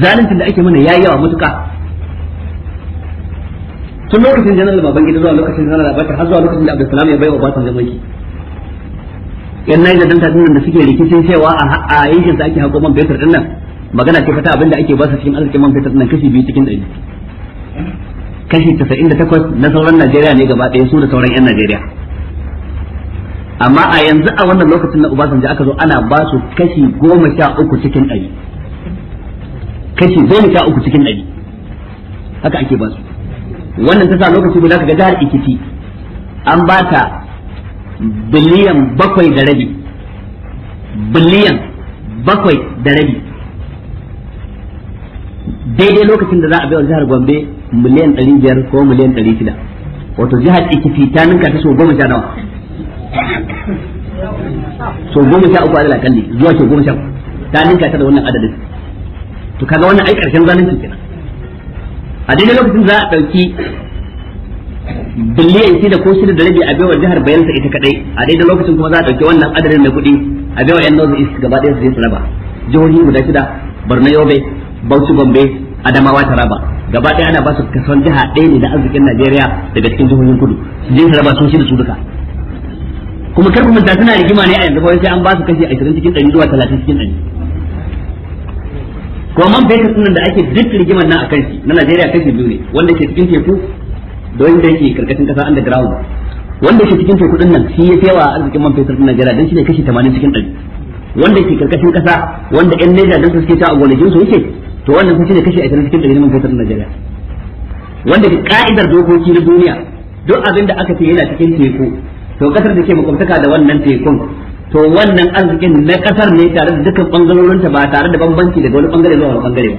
zalunci da ake mana yayi yawa mutuka tun lokacin janar baban gida zuwa lokacin janar abakar har zuwa lokacin da abdulsalam ya bai wa basan jamaki yan nan da danta din da suke rikicin cewa a yankin da ake hako man fetur din nan magana ce fata abinda ake ba su cikin arzikin man fetur din nan kashi biyu cikin ɗari kashi 98 na sauran Najeriya ne gaba ɗaya su da sauran 'yan Najeriya amma a yanzu a wannan lokacin na Obasanjo aka zo ana ba su kashi 13 cikin 100 kashi 13 cikin 100 haka ake ba su wannan ta sa lokaci guda kaga jihar Ikiti an ba ta biliyan bakwai da rabi biliyan bakwai da rabi daidai lokacin da za a bai jihar Gombe miliyan ɗari biyar ko miliyan ɗari shida wato jihar ikiti ta ninka ta so goma sha nawa so goma sha uku adala kalli zuwa so goma sha uku ta ninka ta da wannan adadin to kaga wannan ai karshen zalunci kenan a daidai lokacin za a ɗauki biliyan shida ko shida da rabi a baiwa jihar bayansa ita kadai a daidai lokacin kuma za a ɗauki wannan adadin na kuɗi a baiwa yan north is gaba ɗaya su je su raba jihohi guda shida borno yobe bauchi gombe adamawa taraba gaba ɗaya ana ba su kasan jiha ɗaya ne na arzikin Najeriya daga cikin jihohin kudu su je su raba su shi da su duka kuma karfin mutane suna rigima ne a yanzu ba sai an ba su kashi 20 cikin 100 zuwa 30 cikin 100 ko man fetur sunan da ake duk rigimar nan akan shi na Najeriya kashi biyu ne wanda ke cikin teku da wanda yake karkashin kasa underground wanda ke cikin teku din nan shi ya yawa arzikin man fetur din Najeriya don shi ne kashi 80 cikin 100 wanda ke karkashin kasa wanda yan Niger dan suke ta a gonakin su yake to wannan kun shine kashi 20 cikin 100 na man na Najeriya wanda ka'idar dokoki na duniya duk abin da aka ce yana cikin teku to kasar da ke makwabtaka da wannan tekun to wannan arzikin na kasar ne tare da dukkan bangarorinta ba tare da bambanci daga wani bangare zuwa wani bangare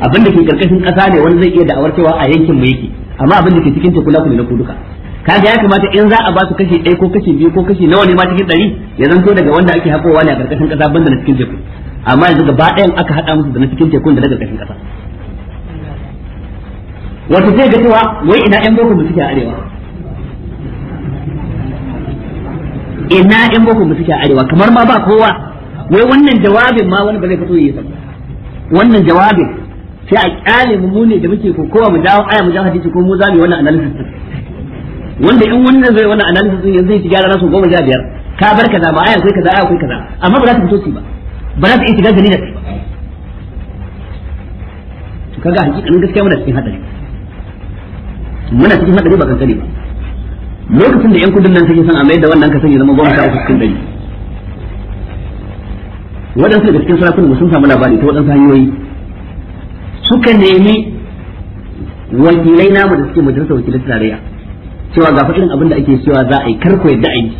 ba abin da ke karkashin kasa ne wanda zai iya da'awar cewa a yankin mu yake amma abin da ke cikin teku na ne na kuduka kaga ya kamata in za a ba su kashi ɗaya ko kashi biyu ko kashi nawa ne ma cikin ɗari ya zanto daga wanda ake hakowa ne a karkashin kasa banda na cikin teku amma yanzu gaba ɗayan aka haɗa musu da na cikin tekun da na ƙarƙashin ƙasa wato zai ga cewa wai ina ƴan boko mu suke arewa ina ƴan boko mu suke arewa kamar ma ba kowa wai wannan jawabin ma wani ba zai fito yi sabu wannan jawabin sai a kyale mu mu ne da muke ko kowa mu dawo aya mu ja hadisi ko mu zamu wannan analysis wanda in wannan zai wannan analysis yanzu zai ci gyara nasu goma sha biyar ka bar kaza ba aya kai kaza aya kai kaza amma ba za ta fito su ba ba za su iya shiga gani da kai to kaga hakikanin gaskiya muna cikin hadari muna cikin hadari ba kankani ba lokacin da yan kudin nan take son a mayar da wannan kasan ya zama goma sha uku cikin dari waɗansu daga cikin sarakunan sun samu labari ta waɗansu hanyoyi suka nemi wakilai namu da suke majalisar wakilai tarayya cewa ga fa irin abin da ake cewa za a yi kar ku yadda a yi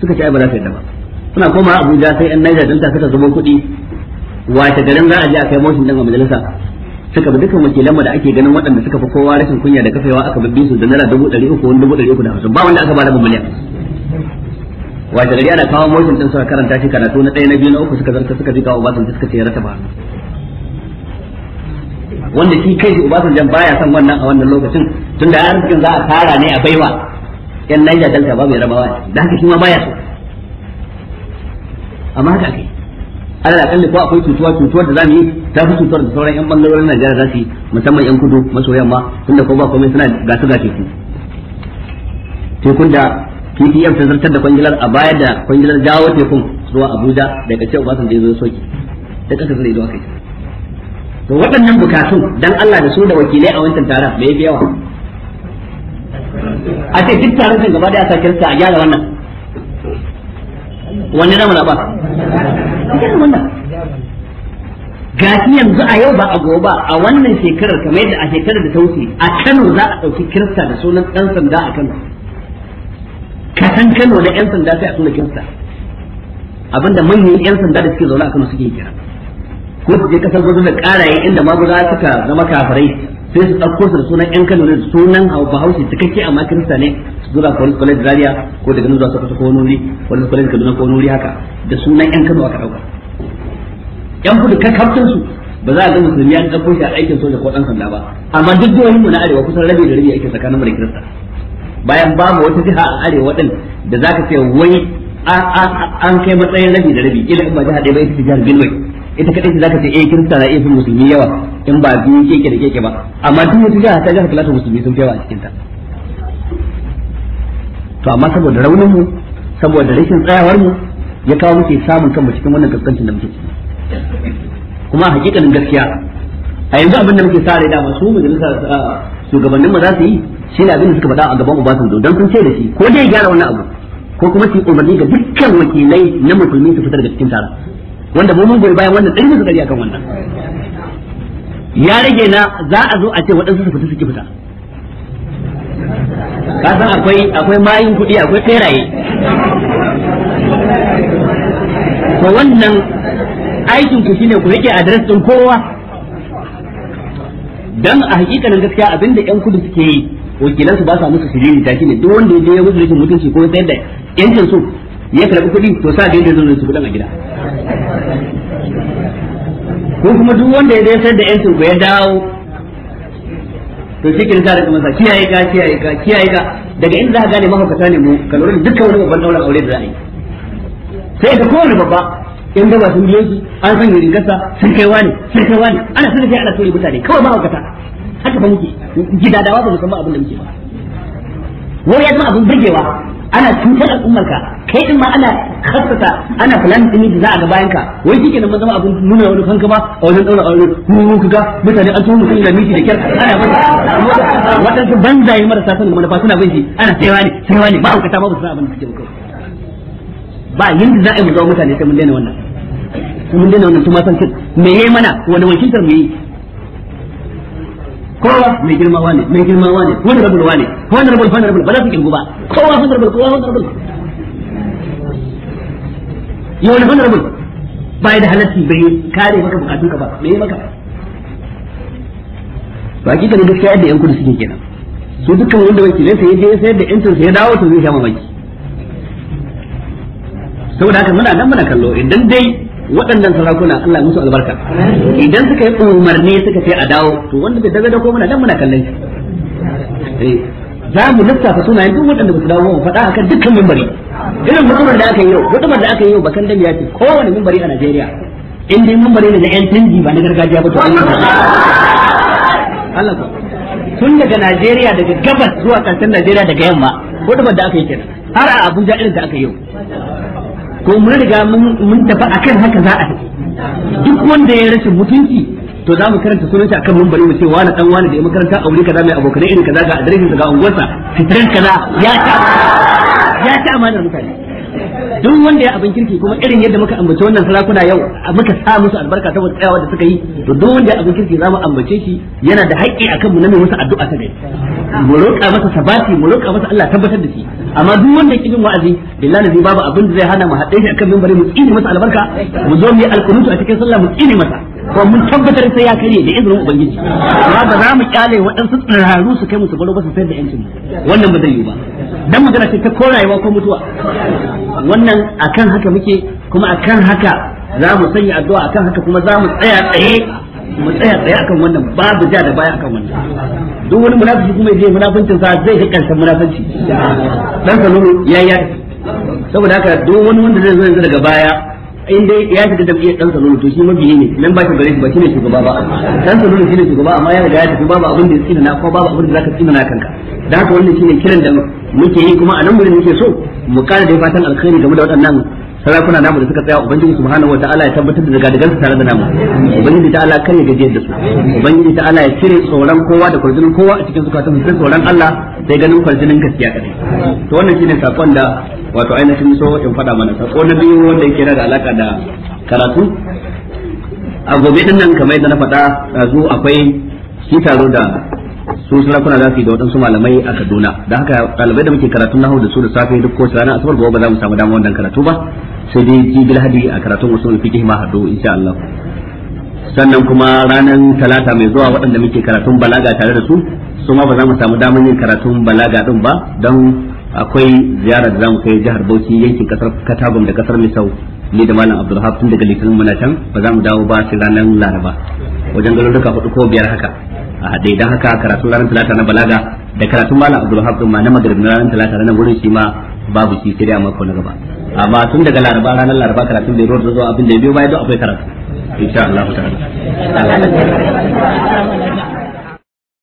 suka ce ai ba za su yadda ba suna koma abuja sai yan naija delta suka zubo kuɗi wace garin za a je a kai motsin din a majalisa suka bi dukkan wakilan mu da ake ganin waɗanda suka fi kowa rashin kunya da kafewa aka babbi su da naira dubu ɗari uku wani dubu ɗari uku da hamsin ba wanda aka ba da miliyan wace gari ana kawo motsin din suka karanta shi karatu na ɗaya na biyu na uku suka zarta suka jika obasanjo suka ce ya rata ba wanda shi kai shi obasanjo baya son wannan a wannan lokacin tunda arzikin za a fara ne a baiwa yan naija dalta babu yarabawa da haka shi ma baya so amma haka kai alal akalli ko akwai cutuwa tutuwar da zamu yi ta fi tutuwar da sauran yan bangarorin Najeriya za su yi musamman yan kudu maso yamma tunda ko ba komai suna gasu ga teku tekun da PTM ta zartar da kwangilar a baya da kwangilar dawo tekun zuwa Abuja da kace sun da yazo soki da kasa zai zo kai to waɗannan bukatun dan Allah da su da wakilai a wancan taron me yafi yawa a ce duk taron kan gaba da ya sa kirta a gyara wannan wanne na ba irin wannan yanzu a yau ba a gobe ba a wannan shekarar kamar yadda a shekarar da ta wuce a Kano za a ɗauki kirista da sunan ɗan sanda a Kano ka san Kano da 'yan sanda sai a sunan kirista abinda manyan 'yan sanda da suke zaune a Kano suke kira ko su je kasar gudu da karaye inda za suka zama kafirai sai su ɗauko su da sunan 'yan Kano ne sunan Bahaushe cikakke amma kirista ne zuwa da zaria ko daga nan zuwa sokoto ko wani wuri wani college kaduna ko wani haka da sunan yan kano aka dauka yan kudu kan kaftin su ba za a ga musulmi an ɗauko shi a aikin soja ko ɗan sanda ba amma duk jihohin mu na arewa kusan rabi da rabi ake tsakanin mu da kirista bayan mu wata jiha a arewa ɗin da za ka ce wai an kai matsayin rabi da rabi ila in ba jiha ɗaya ba ita jihar Benue ita kaɗai ce za ka ce eh kirista na iya fin musulmi yawa in ba biyu keke da keke ba amma duk wata jiha ta jiha Plateau musulmi sun fi yawa a cikinta. ta to amma saboda raunin mu saboda rashin tsayawar mu ya kawo muke samun kanmu cikin wannan kaskancin da muke kuma a gaskiya a yanzu abin da muke sare da masu majalisa ah, shugabannin mu za su yi shi ne abin da suka faɗa a gaban Obasanjo dan sun ce da shi ko dai gyara wannan abu ko kuma su umarni ga dukkan wakilai na musulmi su fitar da cikin taron wanda mu mun goyi bayan wannan ɗari su gari akan wannan ya rage na za a zo a ce waɗansu su fita su ki fita ka san akwai akwai mayin kuɗi akwai beraye to wannan aikin ku shine ku rike adres din kowa dan a hakikanin gaskiya abinda yan kudu suke yi wakilan su ba sa musu shirin da shine duk wanda ya je ya musu rikin mutunci ko sai da yancin su ya karɓi kuɗi to sa da yanzu su kuɗin a gida ko kuma duk wanda ya je da yancin ku ya dawo to shi kin tare kuma sa kiyaye ga kiyaye ga kiyaye ga daga inda za ka gane mahaukata ne mu ka lura dukkan wani babban daular aure da za a yi sai ka kowane babba in gaba sun biyo shi an san yi gasa sun kai wani sun kai wani ana sun sai ana tori mutane kawai mahaukata haka ba muke gidadawa ba musamman abin da muke ba wani ya zama abin burgewa ana cutar al'ummar ka kai din ma ana khassata ana plan din da za a ga bayan ka wai kike nan zama abun nuna wani kanka ba a wajen daura aure mu kaga mutane an tuma sun da miji da kyar ana ba wadansu banzaye marasa sanin manufa suna bin shi ana tsayawa ne tsayawa ne ba hukata ba ba su abin da kike ba yanda za a yi mu zama mutane sai mun daina wannan mun daina wannan tuma san kin me yayi mana wani wakiltar mu yayi kowa mai girma wane mai girma wane wani rabul wane wani rabul wani rabul ba za su kirgu ba kowa wani rabul kowa wani rabul yau wani wani rabul ba da halatti bai kare maka bukatunka ba me maka ba kika ne gaskiya yadda yan kudu suke kenan su dukkan wanda wanki ne sai je sayar da yancin sa ya dawo to zai sha mamaki saboda haka muna nan muna kallo idan dai waɗannan sarakuna Allah musu albarka idan suka yi umarni suka ce a dawo to wanda bai daga da ko muna dan muna kallon shi eh, za mu lissafa sunayen duk waɗanda ba su dawo mu faɗa akan dukkan mimbari irin hukumar da aka yi yau hukumar da aka yi yau bakan dan ya ce kowane mimbari a Najeriya in dai mimbari ne na yan tinji ba na gargajiya ba to Allah ko tun daga Najeriya daga gabas zuwa ƙarshen Najeriya daga yamma hukumar da aka yi kenan har a Abuja irin da aka yi yau ko mun riga mun tafi akan haka za a tafi duk wanda ya rashin mutunci to za mu karanta sunan shi akan mumbari mu ce wani dan wani da ya makaranta aure kaza mai abokanai irin kaza ga adireshin ga unguwarsa fitran kaza ya ta ya ta amana mutane duk wanda ya abin kirki kuma irin yadda muka ambace wannan sarakuna yau muka sa musu albarka saboda tsayawa da suka yi to duk wanda ya abin kirki za mu ambace shi yana da haƙƙi akan mu na mai wasu addu'a ta gai mu roƙa masa sabati mu roƙa masa Allah tabbatar da shi amma duk wanda yake jin wa'azi billahi nabi babu abin da zai hana mu haɗe shi akan minbari mu tsine masa albarka mu zo mu yi alkunutu a cikin sallah mu tsine masa ko mun tabbatar sai ya kare da izinin ubangiji amma ba za mu kyale waɗansu tsirarru su kai mu su baro ba su da yancin wannan ba zai yi ba dan magana ce ta ko rayuwa ko mutuwa wannan akan haka muke kuma akan haka za mu sanya addu'a akan haka kuma za mu tsaya tsaye mu tsaya tsaya akan wannan babu ja da baya akan wannan duk wani munafiki kuma yaje munafincin sa zai kai karshen munafici dan sanu ya ya saboda haka duk wani wanda zai zo yanzu daga baya in dai ya shiga da biyar dan sanu to shi mabiyi ne nan ba shi bare shi ba shine shugaba ba dan shi ne shugaba amma ya riga ya tafi babu abin da ya tsina na ko babu abin da zaka tsina na kanka dan haka wannan shine kiran da muke yi kuma a nan gurin muke so mu kare da fatan alkhairi game da waɗannan sarakuna namu da suka tsaya ubangiji subhanahu wataala ya tabbatar da daga dagansu tare da namu ubangiji ta Allah kan ya gajiyar da su ubangiji ta Allah ya cire tsoron kowa da kwarjinin kowa a cikin zukatan su tsoron Allah sai ganin kwarjinin gaskiya kadai to wannan shine sakon da wato ainihin so in faɗa mana sako na biyu wanda yake da alaka da karatu a gobe din nan kamar yadda na faɗa a zo akwai shi taro da su sarakuna za su yi da waɗansu malamai a Kaduna da haka ɗalibai da muke na hau da su da safe duk kowace rana asabar gobe ba za mu samu damar wannan karatu ba sai dai jibi lahadi a karatun wasu fiqh ma hado insha Allah sannan kuma ranar talata mai zuwa waɗanda muke karatun balaga tare da su su ma ba za mu samu damar yin karatun balaga din ba don akwai ziyara da za mu kai jihar Bauchi yankin kasar Katagum da kasar Misau ni da Malam Abdulhab tun daga Litinin muna can ba za mu dawo ba sai ranar Laraba wajen garuruka hudu ko biyar haka a haɗe don haka karatun ranar talata na balaga da karatun malam abdul hab ma na magrib na ranar talata na wurin shi ma babu shi sai a mako na gaba amma tun daga laraba ranar laraba karatun da rodo zuwa abin da ya biyo baya don akwai karatu insha Allah ta'ala